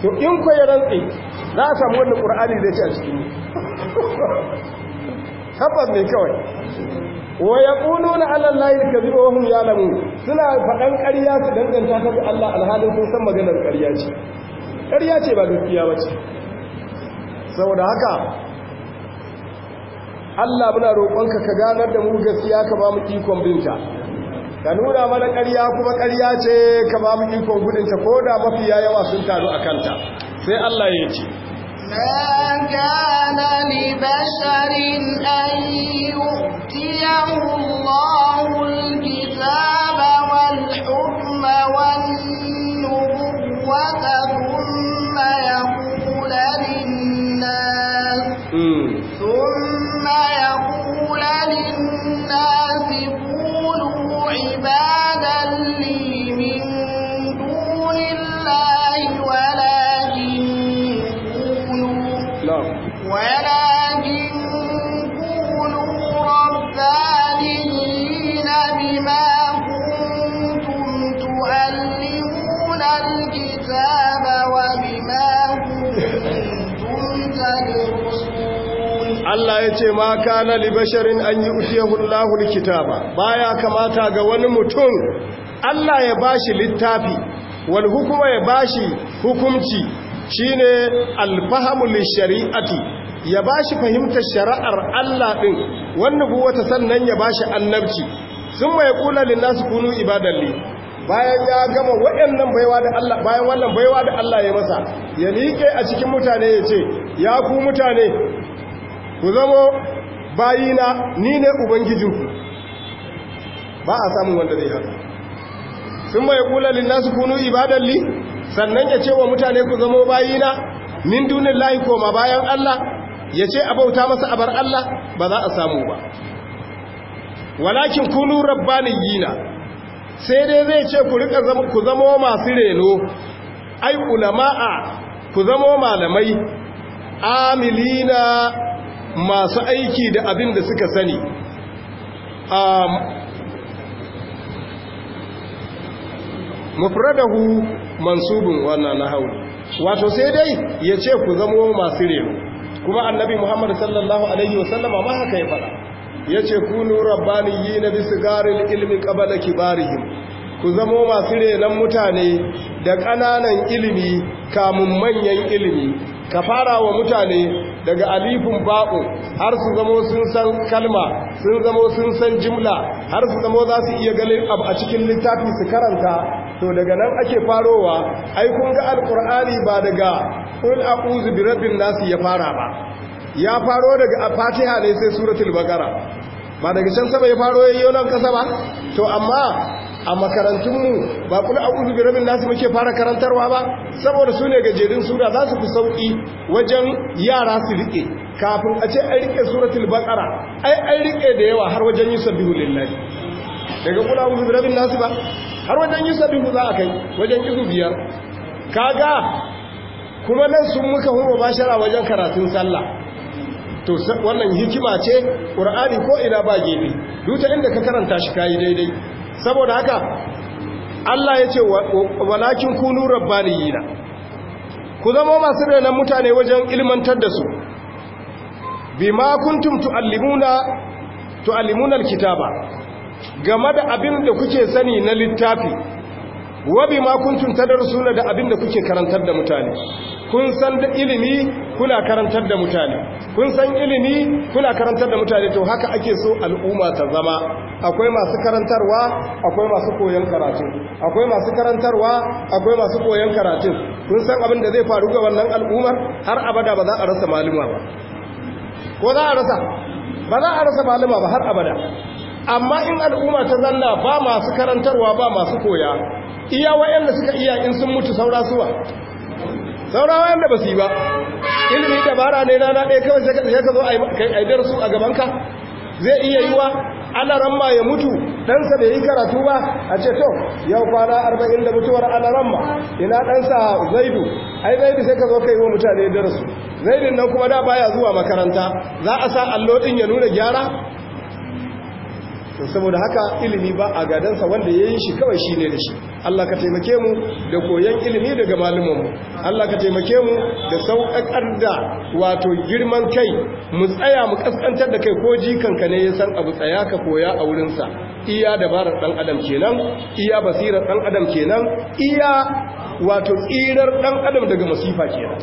to in ko ya rantsa za a samu wannan qur'ani zai ce a cikin tabbas ne kawai wa yaquluna ala allahi kadhiba wa hum ya'lamun suna faɗan ƙarya su danganta ta ga Allah alhalin sun san maganar ƙarya ce ƙarya ce ba gaskiya ce. saboda haka Allah muna roƙonka ka ganar da mu gaskiya ka ba mu ikon binta ka nuna mana ƙarya kuma ƙarya ce ka ba mu ikon gudunta ko da mafi yawa sun taru a kanta sai Allah ya ce ما كان لبشر أن يؤتيه الله الكتاب والحكم والنبوة ثم يقول للناس ثم يقول Allah ya ce ma kana li basharin an yi utiyahullahu kitaba baya kamata ga wani mutum Allah ya bashi littafi wal hukuma ya bashi hukumci shine alfahamu lishari'ati ya bashi fahimtar shari'ar Allah din wannan buwata sannan ya bashi annabci sun mai kula lin nasu kunu ibadalli bayan ya gama wayannan baiwa da Allah bayan wannan baiwa da Allah ya masa ya nike a cikin mutane ya ce ya ku mutane ku zamo bayina ni ne ubangijinku ba a samun wanda zai haka sun mai kula linnasu kunu ibadalli sannan ya ce wa mutane ku zamo bayina min dunin lahi koma bayan Allah ya ce a bauta masa abar Allah ba za a samu ba walakin kunu rabbaniyina sai dai zai ce ku rika ku zamo masu reno ai ulama'a ku zamo malamai amilina masu aiki da abin da suka sani mufradahu mansubun wannan na hau, wato sai dai ya ce ku zamo masu rero kuma annabi Muhammadu sallallahu alaihi wasallama ma haka ya fara ya ce kunu yi na bisigarin ilimin kabala kibarihim ku zamo masu renon mutane da ƙananan ilimi kamun manyan ilimi ka fara wa mutane daga alifin ba'u har su zamo sun san kalma sun zamo sun san jimla har su zamo za su iya galin abu a cikin littafi su karanta to daga nan ake farowa ai kun ga alkur'ani ba daga qul a'udhu bi rabbin nas ya fara ba ya faro daga fatiha ne sai suratul baqara ba daga can sai ya faro yayin nan kasa ba to amma a makarantunmu ba kula a ƙudu biramin nasu muke fara karantarwa ba saboda su ne gajerun sura za su fi sauƙi wajen yara su riƙe kafin a ce an riƙe suratul baƙara ai an riƙe da yawa har wajen yi sabbihu lillahi daga kula a ƙudu biramin nasu ba har wajen yi sabbihu za a kai wajen ƙudu biyar kaga kuma nan sun muka hu mubashara wajen karatun sallah to wannan hikima ce qur'ani ko ina ba gebe duta inda ka karanta shi kai daidai saboda haka Allah ya ce walakin kunu rabbaniyina ku zama masu renon mutane wajen ilmantar da su ma kuntum tuallimuna alkitaba game da abin da kuke sani na littafi wa ma kuntum tadarsuna da abin da kuke karantar da mutane kun san da ilimi kuna karantar da mutane kun san ilimi kuna karantar da mutane to haka ake so al'umma ta zama akwai masu karantarwa akwai masu koyon karatu akwai masu karantarwa akwai masu koyon karatu kun san abin da zai faru ga wannan al'ummar har abada ba za a rasa maluma ba ko za a rasa ba za a rasa maluma ba har abada amma in al'umma ta zanna ba masu karantarwa ba masu koya iya wa'anda suka iya in sun mutu saura suwa saura wayan ba su yi ba ilimi dabara ne na ɗaya kawai sai ka zo a yi darasu a gabanka zai iya yi wa alaramma ya mutu ɗansa da yi karatu ba a ce to yau kwana arba'in da mutuwar alaramma ina ɗansa zaidu ai zaidu sai ka zo ka yi wa mutane darasu zaidun nan kuma da baya zuwa makaranta za a sa allo ɗin ya nuna gyara to saboda haka ilimi ba a gadansa wanda ya yi shi kawai shi ne da shi Allah ka taimake mu da koyon ilimi daga malumanmu Allah ka taimake mu da sauƙaƙar da wato girman kai mu tsaya mu ƙasƙantar da kai ko jikanka ne ya san abu tsaya ka koya a wurinsa iya dabarar ɗan adam kenan iya basirar ɗan adam kenan iya wato tsirar ɗan adam daga masifa kenan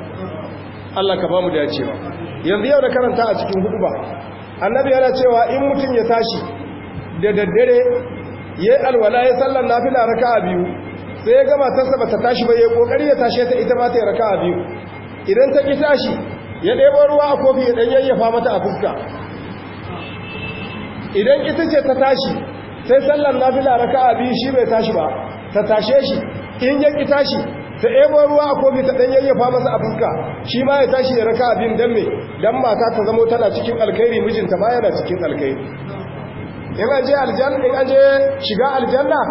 Allah ka ba mu cewa. yanzu yau da karanta a cikin hudu annabi yana cewa in mutum ya tashi da daddare ya yi alwala ya sallar nafila a biyu sai ya gama tasa ta tashi ba ya kokari ya tashe ta ita ba ta a biyu idan ta ki tashi ya ɗebo ruwa a kofi ya ɗan yayyafa mata a fuska idan ita ce ta tashi sai sallar nafila a biyu shi bai tashi ba ta tashe shi in ya ki tashi ta ɗebo ruwa a kofi ta ɗan yayyafa masa a fuska shi ma ya tashi ya raka'a biyun dan me dan mata ta zamo tana cikin alkhairi mijinta ma yana cikin alkhairi in an je aljanna in an je shiga aljanna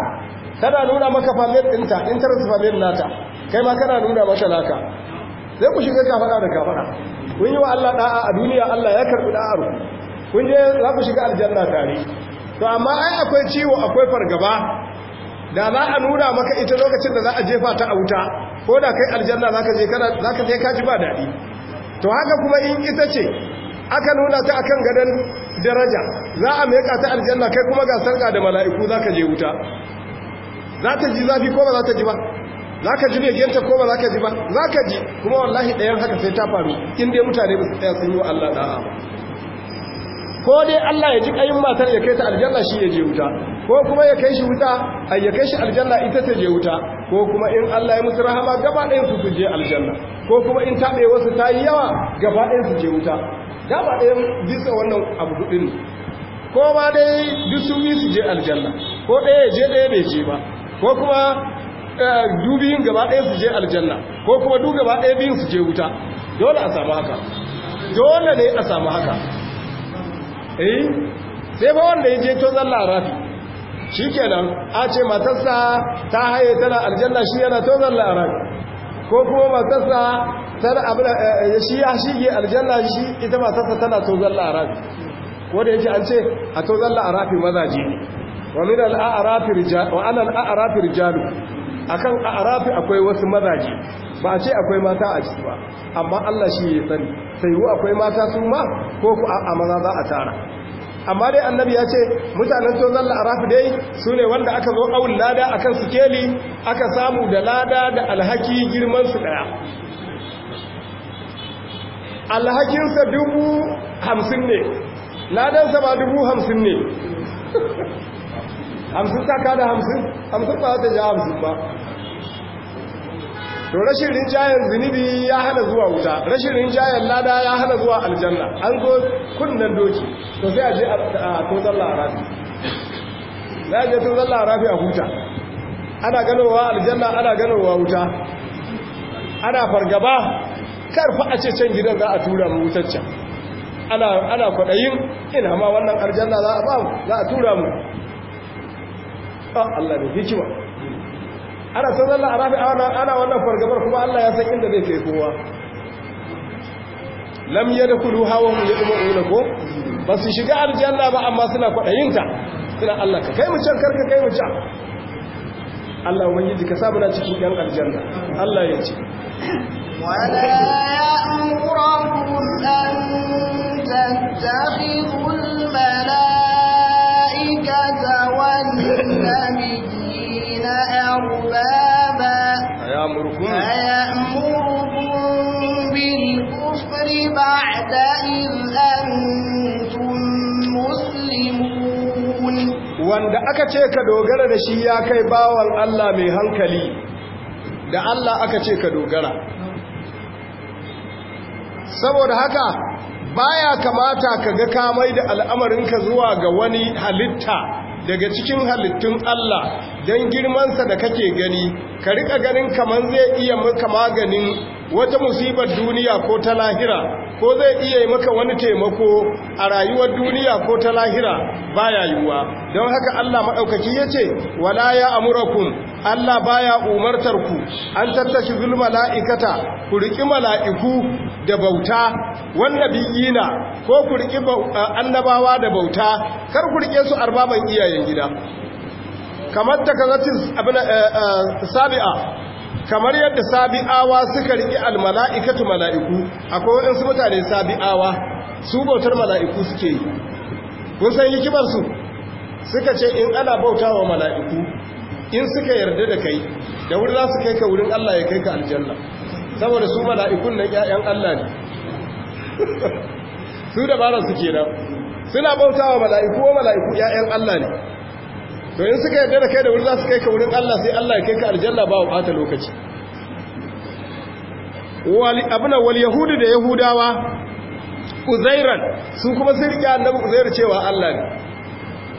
tana nuna maka famil ɗinta interest famil nata kai ma kana nuna maka naka sai ku shiga kafada da kafada kun yi wa Allah da'a a duniya Allah ya karbi da'ar kun je za ku shiga aljanna tare to amma ai akwai ciwo akwai fargaba da za a nuna maka ita lokacin da za a jefa ta a wuta ko da kai aljanna za je kana je ka ji ba dadi to haka kuma in ita ce aka nuna ta akan gadan daraja za a meka ta aljanna kai kuma ga sarka da mala'iku za ka je wuta za ta ji zafi ko ba za ta ji ba za ka ji begenta ko ba za ka ji ba za ka ji kuma wallahi ɗayan haka sai ta faru in dai mutane ba su tsaya sun yi wa Allah da'a ko dai Allah ya ji ƙayin matar ya kai ta aljanna shi ya je wuta ko kuma ya kai shi wuta ai ya kai shi aljanna ita ta je wuta ko kuma in Allah ya musu rahama gaba ɗayan su je aljanna ko kuma in taɓe wasu ta yi yawa gaba ɗayan su je wuta gaba ɗayan bisa wannan abu hudu ne ko ma dai duk sun yi su je aljanna ko ɗaya je ɗaya bai je ba ko kuma eh, dubiyin gaba ɗaya su je aljanna ko kuma duk gaba ɗaya biyun su je wuta dole a samu haka dole ne a samu haka eh sai ba wanda ya je to zalla rafi shikenan a ce matarsa ta haye tana aljanna shi yana to zalla rafi ko kuma matarsa tana abin eh, shi ya shige aljanna shi ita matarsa tana to zalla rafi ko da yake an ce a to zalla arafi mazaje ne wa min al arafi rijal wa a al arafi rijal akan akwai wasu mazaje ba a ce akwai mata a ciki ba amma Allah shi ya sani sai hu akwai mata su ma ko ku a maza za a tara amma dai annabi ya ce mutanen to zalla rafi dai su ne wanda aka zo awul lada akan keli aka samu da lada da alhaki girman su daya alhakinsa dubu hamsin ne ladansa ba dubu hamsin ne hamsin ta kada hamsin hamsin ba ta ja hamsin ba to rashin rinjayen zunubi ya hana zuwa wuta rashin rinjayen lada ya hana zuwa aljanna an zo kunnan doki to sai a je a tozon larafi za a je tozon larafi a huta ana ganowa aljanna ana ganowa wuta ana fargaba karfa a ce can gidan za a tura mu wutar can ana kwaɗayin kwadayin ina ma wannan aljanna za a ba mu za a tura mu Allah ne hikima ana san zalla a rafi ana wannan fargabar kuma Allah ya san inda zai kai kowa lam yadkhulu hawan yadmu'una ko ba su shiga aljanna ba amma suna kwaɗayinta, suna Allah ka kai mu can karka kai mu can Allah yi ka sabu na cikin yan aljanna Allah ya ce wala ya'muru rabbukum an تتخذ الملائكة والنبيين أربابا أيامركم أيأمركم بالكفر بعد إذ أنتم مسلمون wanda aka ce ka dogara da shi ya kai bawan Allah mai hankali da Allah aka ce ka dogara saboda haka baya kamata ka ga kamai da al'amarinka zuwa ga wani halitta daga cikin halittun Allah don girmansa da kake gani ka rika ganin kamar zai iya maka maganin wata musibar duniya ko ta lahira ko zai iya yi maka wani taimako a rayuwar duniya ko ta lahira baya yiwuwa don haka Allah maɗaukaki ya ce wala ya amurakun Allah baya umartar ku an tattashi bil mala'ikata ku riki mala'iku da bauta wannan biyina ko ku riki annabawa da bauta kar ku rike su arbaban iyayen gida kamar takazatin abin eh, eh, sabi'a kamar yadda sabi'awa suka riki almala'ikatu mala'iku akwai su mutane sabi'awa su bautar mala'iku suke yi kun san hikimarsu suka ce in ana bauta wa mala'iku in suka yarda da kai da wuri za su kai ka wurin Allah ya kai ka aljanna saboda su mala'ikun nan ƴaƴan Allah ne su da bara su kenan suna bautawa mala'iku wa mala'iku ƴaƴan Allah ne to in suka yarda da kai da wuri za su kai ka wurin Allah sai Allah ya kai ka aljanna ba wa bata lokaci abuna wal Yahudi da yahudawa uzairan su kuma sai riƙe annabi uzair cewa Allah ne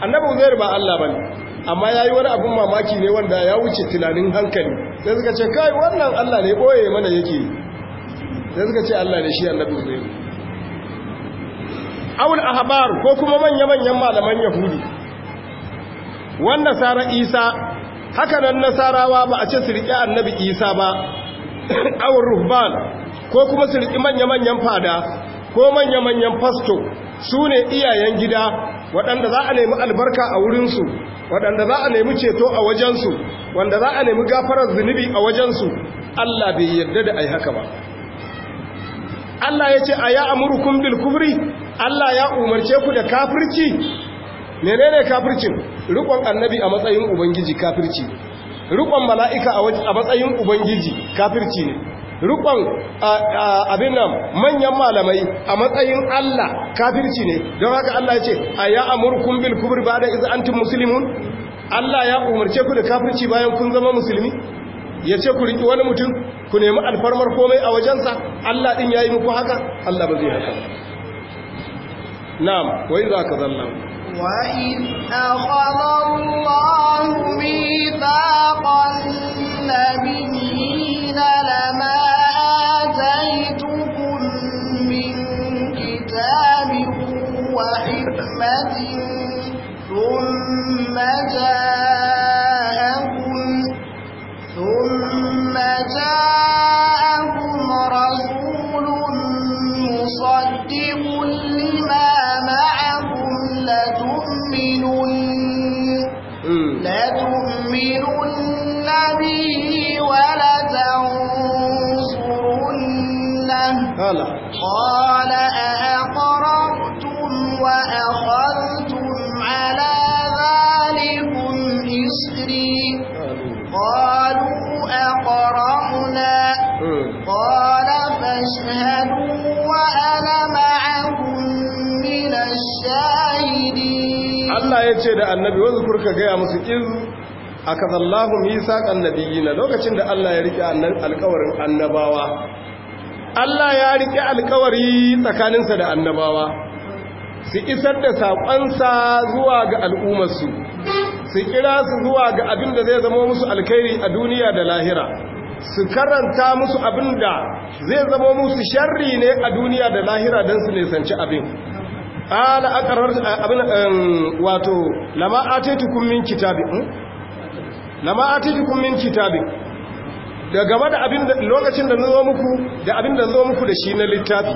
annabi uzair ba Allah bane amma ya yi wani abin mamaki ne wanda ya wuce tunanin hankali da suka ce kai wannan allah ne ɓoye mana yake da suka ce allah ne shi annabi zai awul habar ko kuma manya-manyan malaman yahudi wanda sara isa haka nan nasarawa ba a ce su riƙe annabi isa ba awul ruhban ko kuma su manya-manyan fada ko manya-manyan fasto su ne iyayen gida waɗanda za a nemi albarka a wurinsu waɗanda za a nemi ceto a wajensu wanda za a nemi gafarar zunubi a wajensu Allah bai yarda da ai haka ba Allah ya ce a ya amurkun bil kubri Allah ya umarce ku da kafirci menene kafircin Rukon annabi a matsayin ubangiji kafirci Rukon mala'ika a matsayin ubangiji kafirci ne rukon abin nan manyan malamai a matsayin Allah kafirci ne don haka Allah ya ce a ya amurkun bil kubur ba da iza antin musulmin? Allah ya umarce ku da kafirci bayan kun zama musulmi ya ce ku riƙi wani mutum ku nemi alfarmar komai a wajensa Allah ɗin ya yi muku haka Allah ba zai haka na'am wai za ka zalla وَإِذْ أنزل ما آتيتكم من كتاب وحكمة ثم جاءكم ثم جاءكم قال قال أأقررتم وأخذتم على ذلكم إسري قالوا أقررنا قال فاشهدوا وأنا معكم من الشاهدين الله يتشهد النبي واذكرك يا مسكين akazallahu misaqan nabiyina lokacin da Allah ya rike alƙawarin annabawa Allah ya riƙe alkawari tsakaninsa da annabawa su isar da saƙonsa zuwa ga al'ummarsu su kira su zuwa ga abin da zai zama musu alkairi a duniya da lahira su karanta musu abin da zai zama musu sharri ne a duniya da lahira don su nisanci abin ala akarar abin um, wato lama a tetukun min lama a min kitabin hmm? da gaba da abin da lokacin da zo muku da abin da zo muku da shi na littafi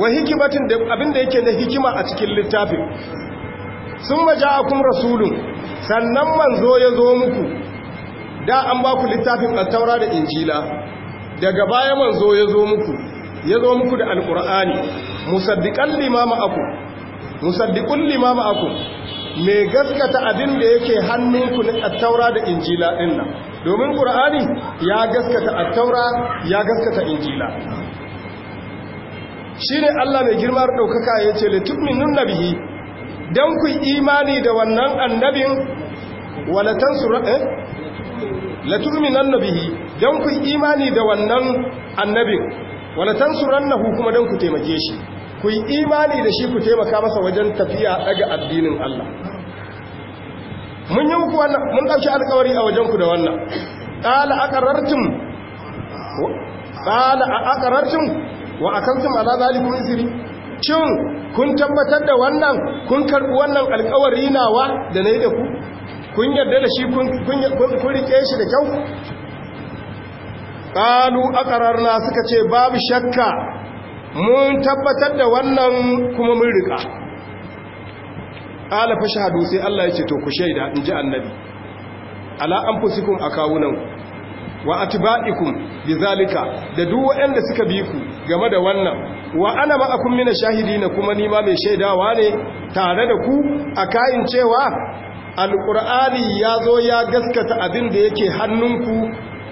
wa hikimatin da abin da yake na hikima a cikin littafin sun maja'akum rasulun sannan manzo ya zo muku da an ba ku littafin al taura da injila daga baya manzo ya zo muku ya zo muku da alqur'ani musaddiqan limama aku musaddiqun limama aku me gaskata abin da yake hannunku na al taura da injila dinnan domin ƙura'ani ya gaskata attaura ya gaskata injila shi ne allah mai girma ɗaukaka ya ce nuna bihi don ku imani da wannan annabin walatan sura'e eh? latukunin bihi don ku imani da wannan annabin walatan surannahu kuma don ku taimake shi ku imani da shi ku taimaka masa wajen tafiya daga addinin allah mun yi muku wannan mun ɗauki alkawari a wajenku da wannan ƙala akarartum ƙala akarartum wa akantum ala kuma ziri. shin kun tabbatar da wannan kun karɓi wannan alkawari nawa da na yi da ku kun yarda da shi kun riƙe shi da kyau ƙalu na suka ce babu shakka mun tabbatar da wannan kuma mun riƙa ala fa shahadu sai Allah ya ce to ku shaida in ji annabi ala anfusikum akawunan wa atba'ikum bizalika da duk waɗanda suka bi ku game da wannan wa ana ma'akum mina shahidina kuma ni ma mai shaidawa ne tare da ku a kayin cewa alqur'ani ya zo ya gaskata abin da yake hannunku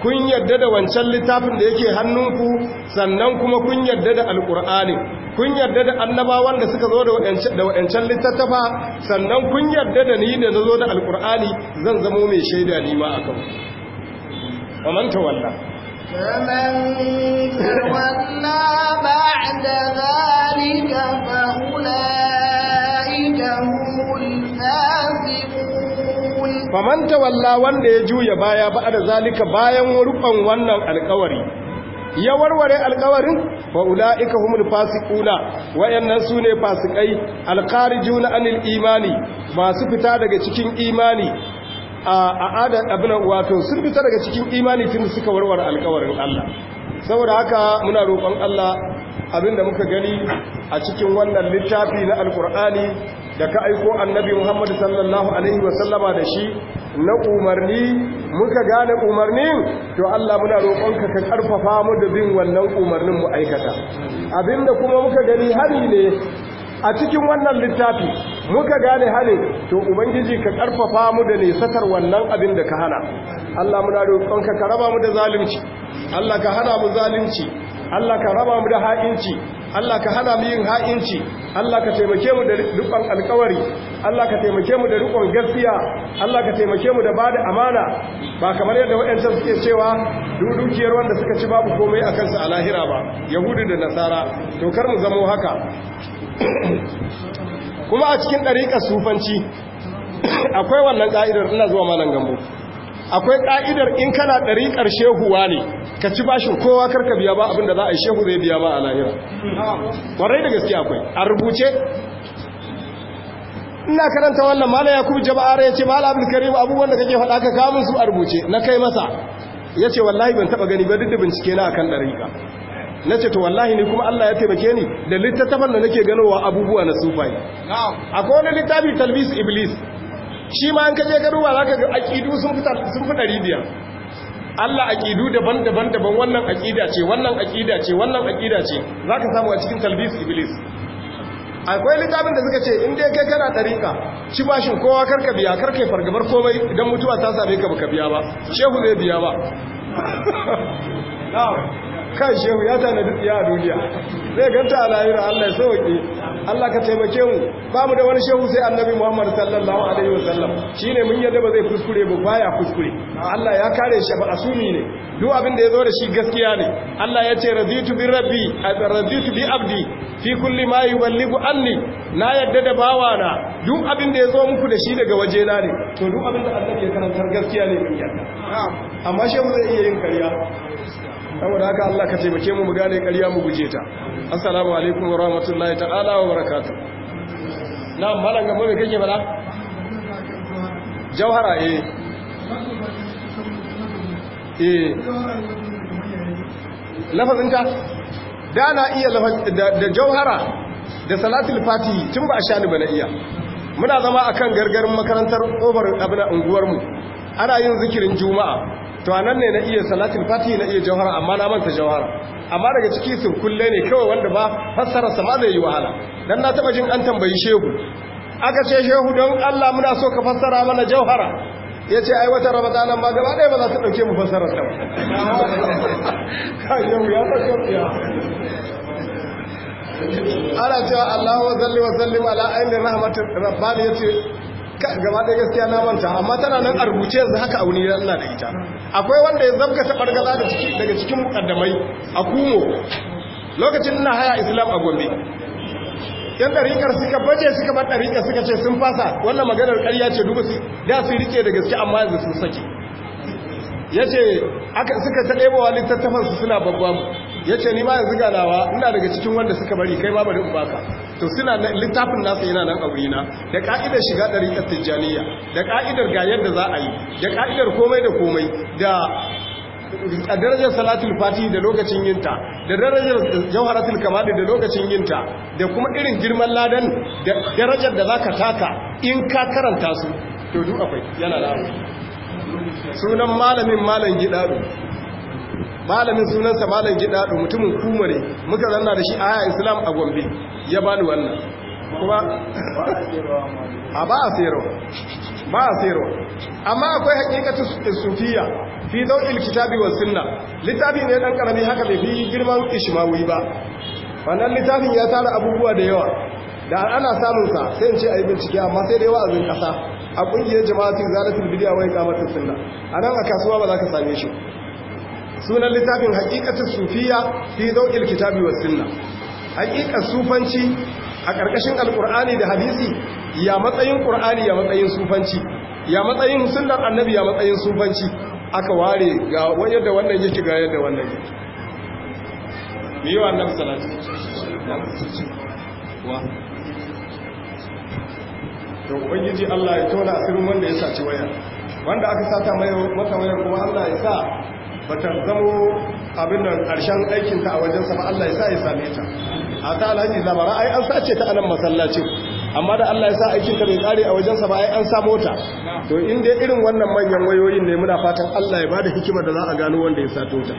kun yadda da wancan littafin da yake hannunku sannan kuma kun yadda da alkur'ani kun yadda da annabawan da suka zo da waɗancan littattafa sannan kun yadda da ni da na zo da alkur'ani zan zamo mai shaida ni ma a kan ومن تولى Famanta walla wanda ya juya baya ba da zalika bayan rufan wannan alkawari ya warware alkawarin fa ulaika humul fasiquna wayannan sune fasikai alqarijuna anil imani masu fita daga cikin imani a adan abin wato sun fita daga cikin imani tun suka warware alkawarin Allah saboda haka muna roƙon Allah abinda muka gani a cikin wannan littafi na alkur'ani da ka aiko annabi muhammad sallallahu alaihi wasallama da shi na umarni muka gane umarnin to Allah muna roƙonka ka ƙarfafa mu da bin wannan umarnin mu aikata abinda kuma muka gani hari ne a cikin wannan littafi muka gane hali, to ubangiji ka ƙarfafa mu da nesatar wannan abin da ka hana Allah muna roƙonka ka raba mu da zalunci Allah ka hana mu zalunci Allah ka raba mu da ha'inci Allah ka hana mu yin ha'inci Allah ka taimake mu da dukkan alƙawari. Allah ka taimake mu da rikon gaskiya Allah ka taimake mu da bada amana ba kamar yadda waɗancan suke cewa dukiyar wanda suka ci babu komai a kansa a lahira ba yahudu da nasara to kar mu zamo haka kuma a cikin ɗariƙar sufanci akwai wannan ƙa'idar ina zuwa malam gambo akwai ka'idar in kana ɗariƙar shehuwa ne ka ci bashin kowa karka biya ba abinda za a yi shehu zai biya ba a lahira ƙwarai da gaske akwai a rubuce ina karanta wannan mala yakub jama'ara ya ce mala karim abubuwan da kake faɗa ka kamun su a rubuce na kai masa ya ce wallahi ban taɓa gani ba duk da bincike na akan ɗariƙa na ce to wallahi ni kuma Allah ya taimake ni da littattafan da nake ganowa abubuwa na sufai akwai wani littafi talbis iblis shi ma an kaje ka za ka ga aƙidu sun fi ɗari biyar Allah aƙidu daban-daban daban wannan aƙida ce wannan aƙida ce wannan aƙida ce za ka samu a cikin talbis iblis akwai littafin da suka ce in dai kai kana ɗariƙa ci bashin kowa karka biya karka fargabar komai idan mutuwa ta same ka baka biya ba shehu zai biya ba kan shehu ya duk tsiya a duniya zai ganta a layura Allah ya sauke Allah ka taimake mu ba mu da wani shehu sai annabi Muhammad sallallahu alaihi wasallam shine mun yadda ba zai kuskure ba baya kuskure Allah ya kare shi ba asumi ne duk abin da ya da shi gaskiya ne Allah ya ce raditu bi rabbi raditu bi abdi fi kulli ma yuballigu anni na yadda da bawana duk abin da ya muku da shi daga waje na ne to duk abin da Allah ya karantar gaskiya ne mun yadda amma shehu zai iya yin kariya saboda haka Allah ka taimake mu mu gane ƙarya mu guje ta assalamu alaikum wa rahmatullahi ta'ala wa barakatuh na malan gaba me kake bala jawhara eh eh lafazin ta da na iya da jawhara da salatul fati tun ba a shani ba na iya muna zama akan gargarin makarantar kofar abin unguwarmu ana yin zikirin juma'a to anan ne na iya salatin fatihi na iya jawhara amma na manta jawhara amma daga ciki sun kulle ne kawai wanda ba fassara sa ma zai yi wahala dan na taba jin an tambayi shehu aka ce shehu don Allah muna so ka fassara mana jawhara ya ce ai wata ramadanan ma gaba ɗaya ba za ta ɗauke mu fassara ta ba yau ya ɗauke ya ana cewa Allahu wa salli wa sallim ala ainihin rahmatir rabbani yace gama da gaskiya na manta amma tana nan a rubuce yanzu haka a wuni ina da ita akwai wanda ya zamka ta bargaza da ciki daga cikin mukaddamai a kumo lokacin ina haya islam a gombe yan ɗariƙar suka baje suka bar ɗariƙa suka ce sun fasa wannan maganar ƙarya ce duk su da su rike da gaske amma yanzu sun saki yace aka suka ta ɗebowa littattafansu suna babba mu ya ni ma yanzu ganawa ina daga cikin wanda suka bari kai ma bari in baka to suna littafin nasa yana nan a wurina da ka'idar shiga ɗariƙar tijjaniya da ka'idar ga yadda za a yi da ka'idar komai da komai da a darajar salatul fati da lokacin yinta da darajar jawharatul kamadi da lokacin yinta da kuma irin girman ladan da darajar da zaka taka in ka karanta su to duk akwai yana da sunan malamin malam gidado malamin sunansa malam gidado mutumin kuma ne muka zanna da shi aya islam a gombe ya bani wannan kuma a ba a sayarwa ba a sayarwa amma akwai hakikatu sufiya fi dau'il kitabi wa sunna littafi ne dan karami haka bai fi girman ishmawi ba wannan littafin ya tara abubuwa da yawa da ana samun sa sai in ce a yi bincike amma sai da yawa a zin kasa a kungiyar jama'atin zalatul bidiya wa iqamatus sunna anan a kasuwa ba za ka same shi sunan littafin haqiqatus sufiya fi dawil kitabi was sunna hakikar sufanci a ƙarƙashin alƙur'ani da hadisi ya matsayin ƙur'ani ya matsayin sufanci ya matsayin sunnar annabi ya matsayin sufanci aka ware ga yadda wannan yake ga yadda wannan yake yi wa annabi salatu wa to ubangiji Allah ya tona asirin wanda ya saci waya wanda aka sata mata wayar kuma Allah ya sa ba ta zamo abin ƙarshen aikinta a wajensa ba Allah ya sa ya same ta a ta alhaji zamara ai an sace ta anan masallaci amma da Allah ya sa aikinta bai ƙare a wajensa ba ai an samo ta to in dai irin wannan manyan wayoyin ne muna fatan Allah ya bada hikima da za a gano wanda ya sato ta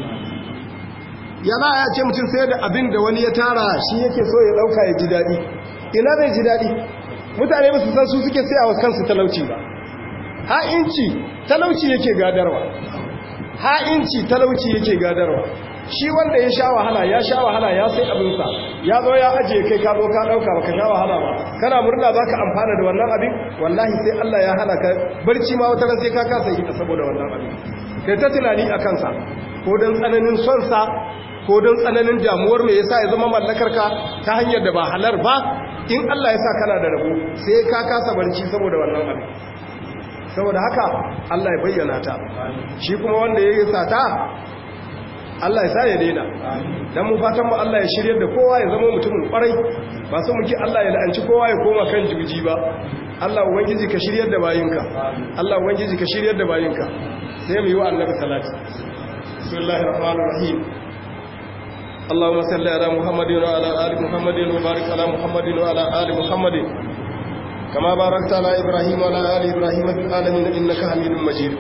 ya ba ya ce mutum sai da abin da wani ya tara shi yake so ya ɗauka ya ji daɗi ina zai ji daɗi mutane ba su san su suke sai a wasu kansu talauci ba ha inci talauci yake gadarwa ha'inci talauci yake gadarwa shi wanda ya sha wahala ya sha wahala ya sai abinsa ya zo ya ajiye kai ka zo ka dauka ka sha wahala ba kana murna za ka amfana da wannan abin wallahi sai Allah ya hana ka barci ma wata sai ka kasa yi saboda wannan abin kai ta tunani a kansa ko don tsananin son ko don tsananin damuwar mai yasa ya zama mallakar ka ta hanyar da ba halar ba in Allah ya sa kana da rabo sai ka kasa barci saboda wannan abin saboda haka Allah ya bayyana ta shi kuma wanda ya yi sata Allah ya sa ya daina Don mu fatan mu Allah ya shirya da kowa ya zama mutumin kwarai ba su muke Allah ya la'anci kowa ya koma kan juji ba Allah ubangiji ka shirya da bayinka Allah ubangiji ka shirya da bayinka sai mu yi wa annabi salati bismillahir rahmanir rahim اللهم صل على محمد وعلى ال محمد وبارك على محمد وعلى ال محمد kama barakta ala ibrahim wa ala ali ibrahim fil alamin innaka hamidum majid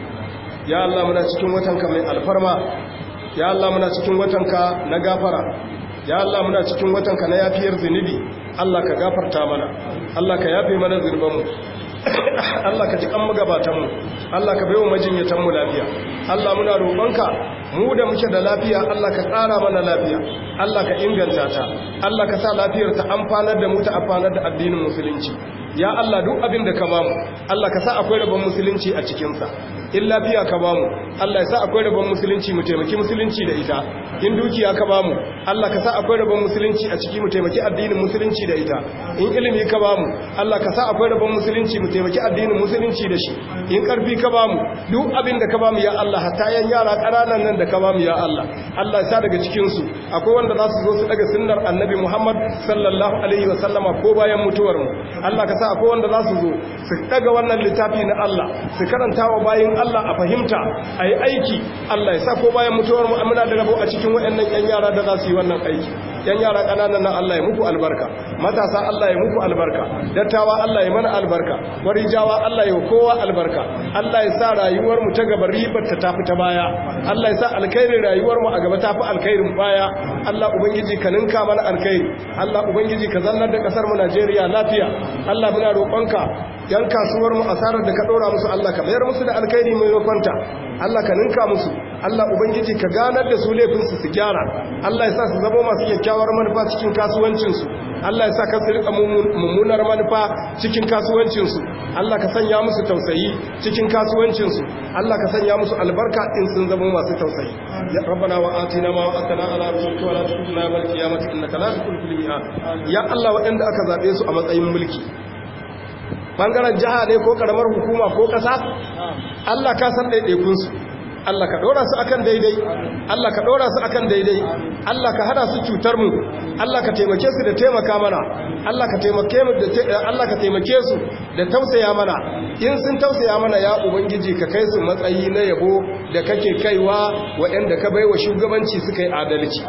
ya allah muna cikin watan ka mai alfarma ya allah muna cikin watan ka na gafara ya allah muna cikin watan ka na yafiyar zunubi allah ka gafarta mana allah ka yafe mana mu. Allah ka ji an kan mu. Allah ka baiwa mu lafiya Allah muna ka mu da muke da lafiya Allah ka tsara mana lafiya Allah ka inganta ta Allah ka sa lafiyar ta amfanar da mu ta amfanar da addinin musulunci ya Allah duk abin da ka bamu Allah ka sa akwai rabon musulunci a cikinsa in lafiya ka bamu Allah ya sa akwai rabon musulunci mu taimaki musulunci da ita in dukiya ka bamu Allah ka sa akwai rabon musulunci a ciki mu taimaki addinin musulunci da ita in ilimi ka bamu Allah ka sa akwai rabon musulunci mu taimaki addinin musulunci da shi in karfi ka bamu duk abin da ka bamu ya Allah hatta yan yara ƙananan nan da ka bamu ya Allah Allah ya sa daga cikin su akwai wanda za su zo su daga sunnar annabi Muhammad sallallahu alaihi wa sallama ko bayan mutuwarmu? mu Allah ka sa akwai wanda za su zo su daga wannan littafi na Allah su karanta wa bayin Allah a fahimta a yi aiki Allah ya sa ko bayan mutuwar mu da rabo a cikin waɗannan 'yan yara da za su yi wannan aiki yan yara kananan nan Allah ya muku albarka matasa Allah ya muku albarka dattawa Allah ya mana albarka warijawa Allah ya kowa albarka Allah ya sa rayuwar mu ta gaba ribar ta tafi ta baya Allah ya sa alkhairin rayuwar mu a gaba tafi alkhairin baya Allah ubangiji ka ninka mana alkhairi Allah ubangiji ka zannar da kasar mu Najeriya lafiya Allah muna roƙonka yan kasuwar mu asarar da ka dora musu Allah ka mayar musu da alkhairi mai rokonta Allah ka ninka musu Allah ubangiji ka ganar da su laifinsu su gyara Allah ya sa su zama masu kyakkyawar manufa cikin kasuwancinsu Allah ya sa ka rika mummunar manufa cikin kasuwancinsu Allah ka sanya musu tausayi cikin kasuwancinsu Allah ka sanya musu albarka in sun zama masu tausayi ya rabbana wa atina ma wa'atana ala rasulika wa la tukhzina qiyamati innaka la ya Allah waɗanda aka zabe su a matsayin mulki bangaren jiha ne ko karamar hukuma ko ƙasa, Allah ka san ɗaiɗaikunsu Allah ka dora su akan daidai Allah ka dora su akan daidai Allah ka hada su cutar mu Allah ka taimake su da taimaka mana Allah ka taimake mu da Allah ka taimake su da tausaya mana in sun tausaya mana ya ubangiji ka kai su matsayi na yabo da kake kaiwa waɗanda ka baiwa shugabanci suka yi adalci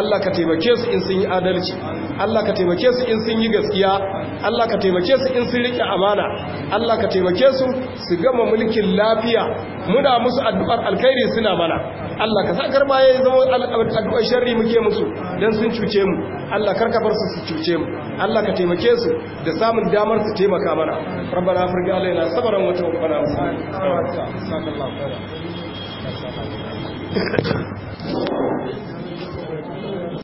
Allah ka taimake su in sun yi adalci Allah ka taimake su in sun yi gaskiya Allah ka taimake su in sun rike amana Allah ka taimake su su gama mulkin lafiya muna musu addu'ar alkhairi alkhairi suna mana Allah ka sakar ma yayi zama addu'ar sharri muke musu dan sun cuce mu Allah karka bar su su cuce mu Allah ka taimake su da samun damar su taimaka mana rabbana afrika alaina wata wa tawaffana muslimin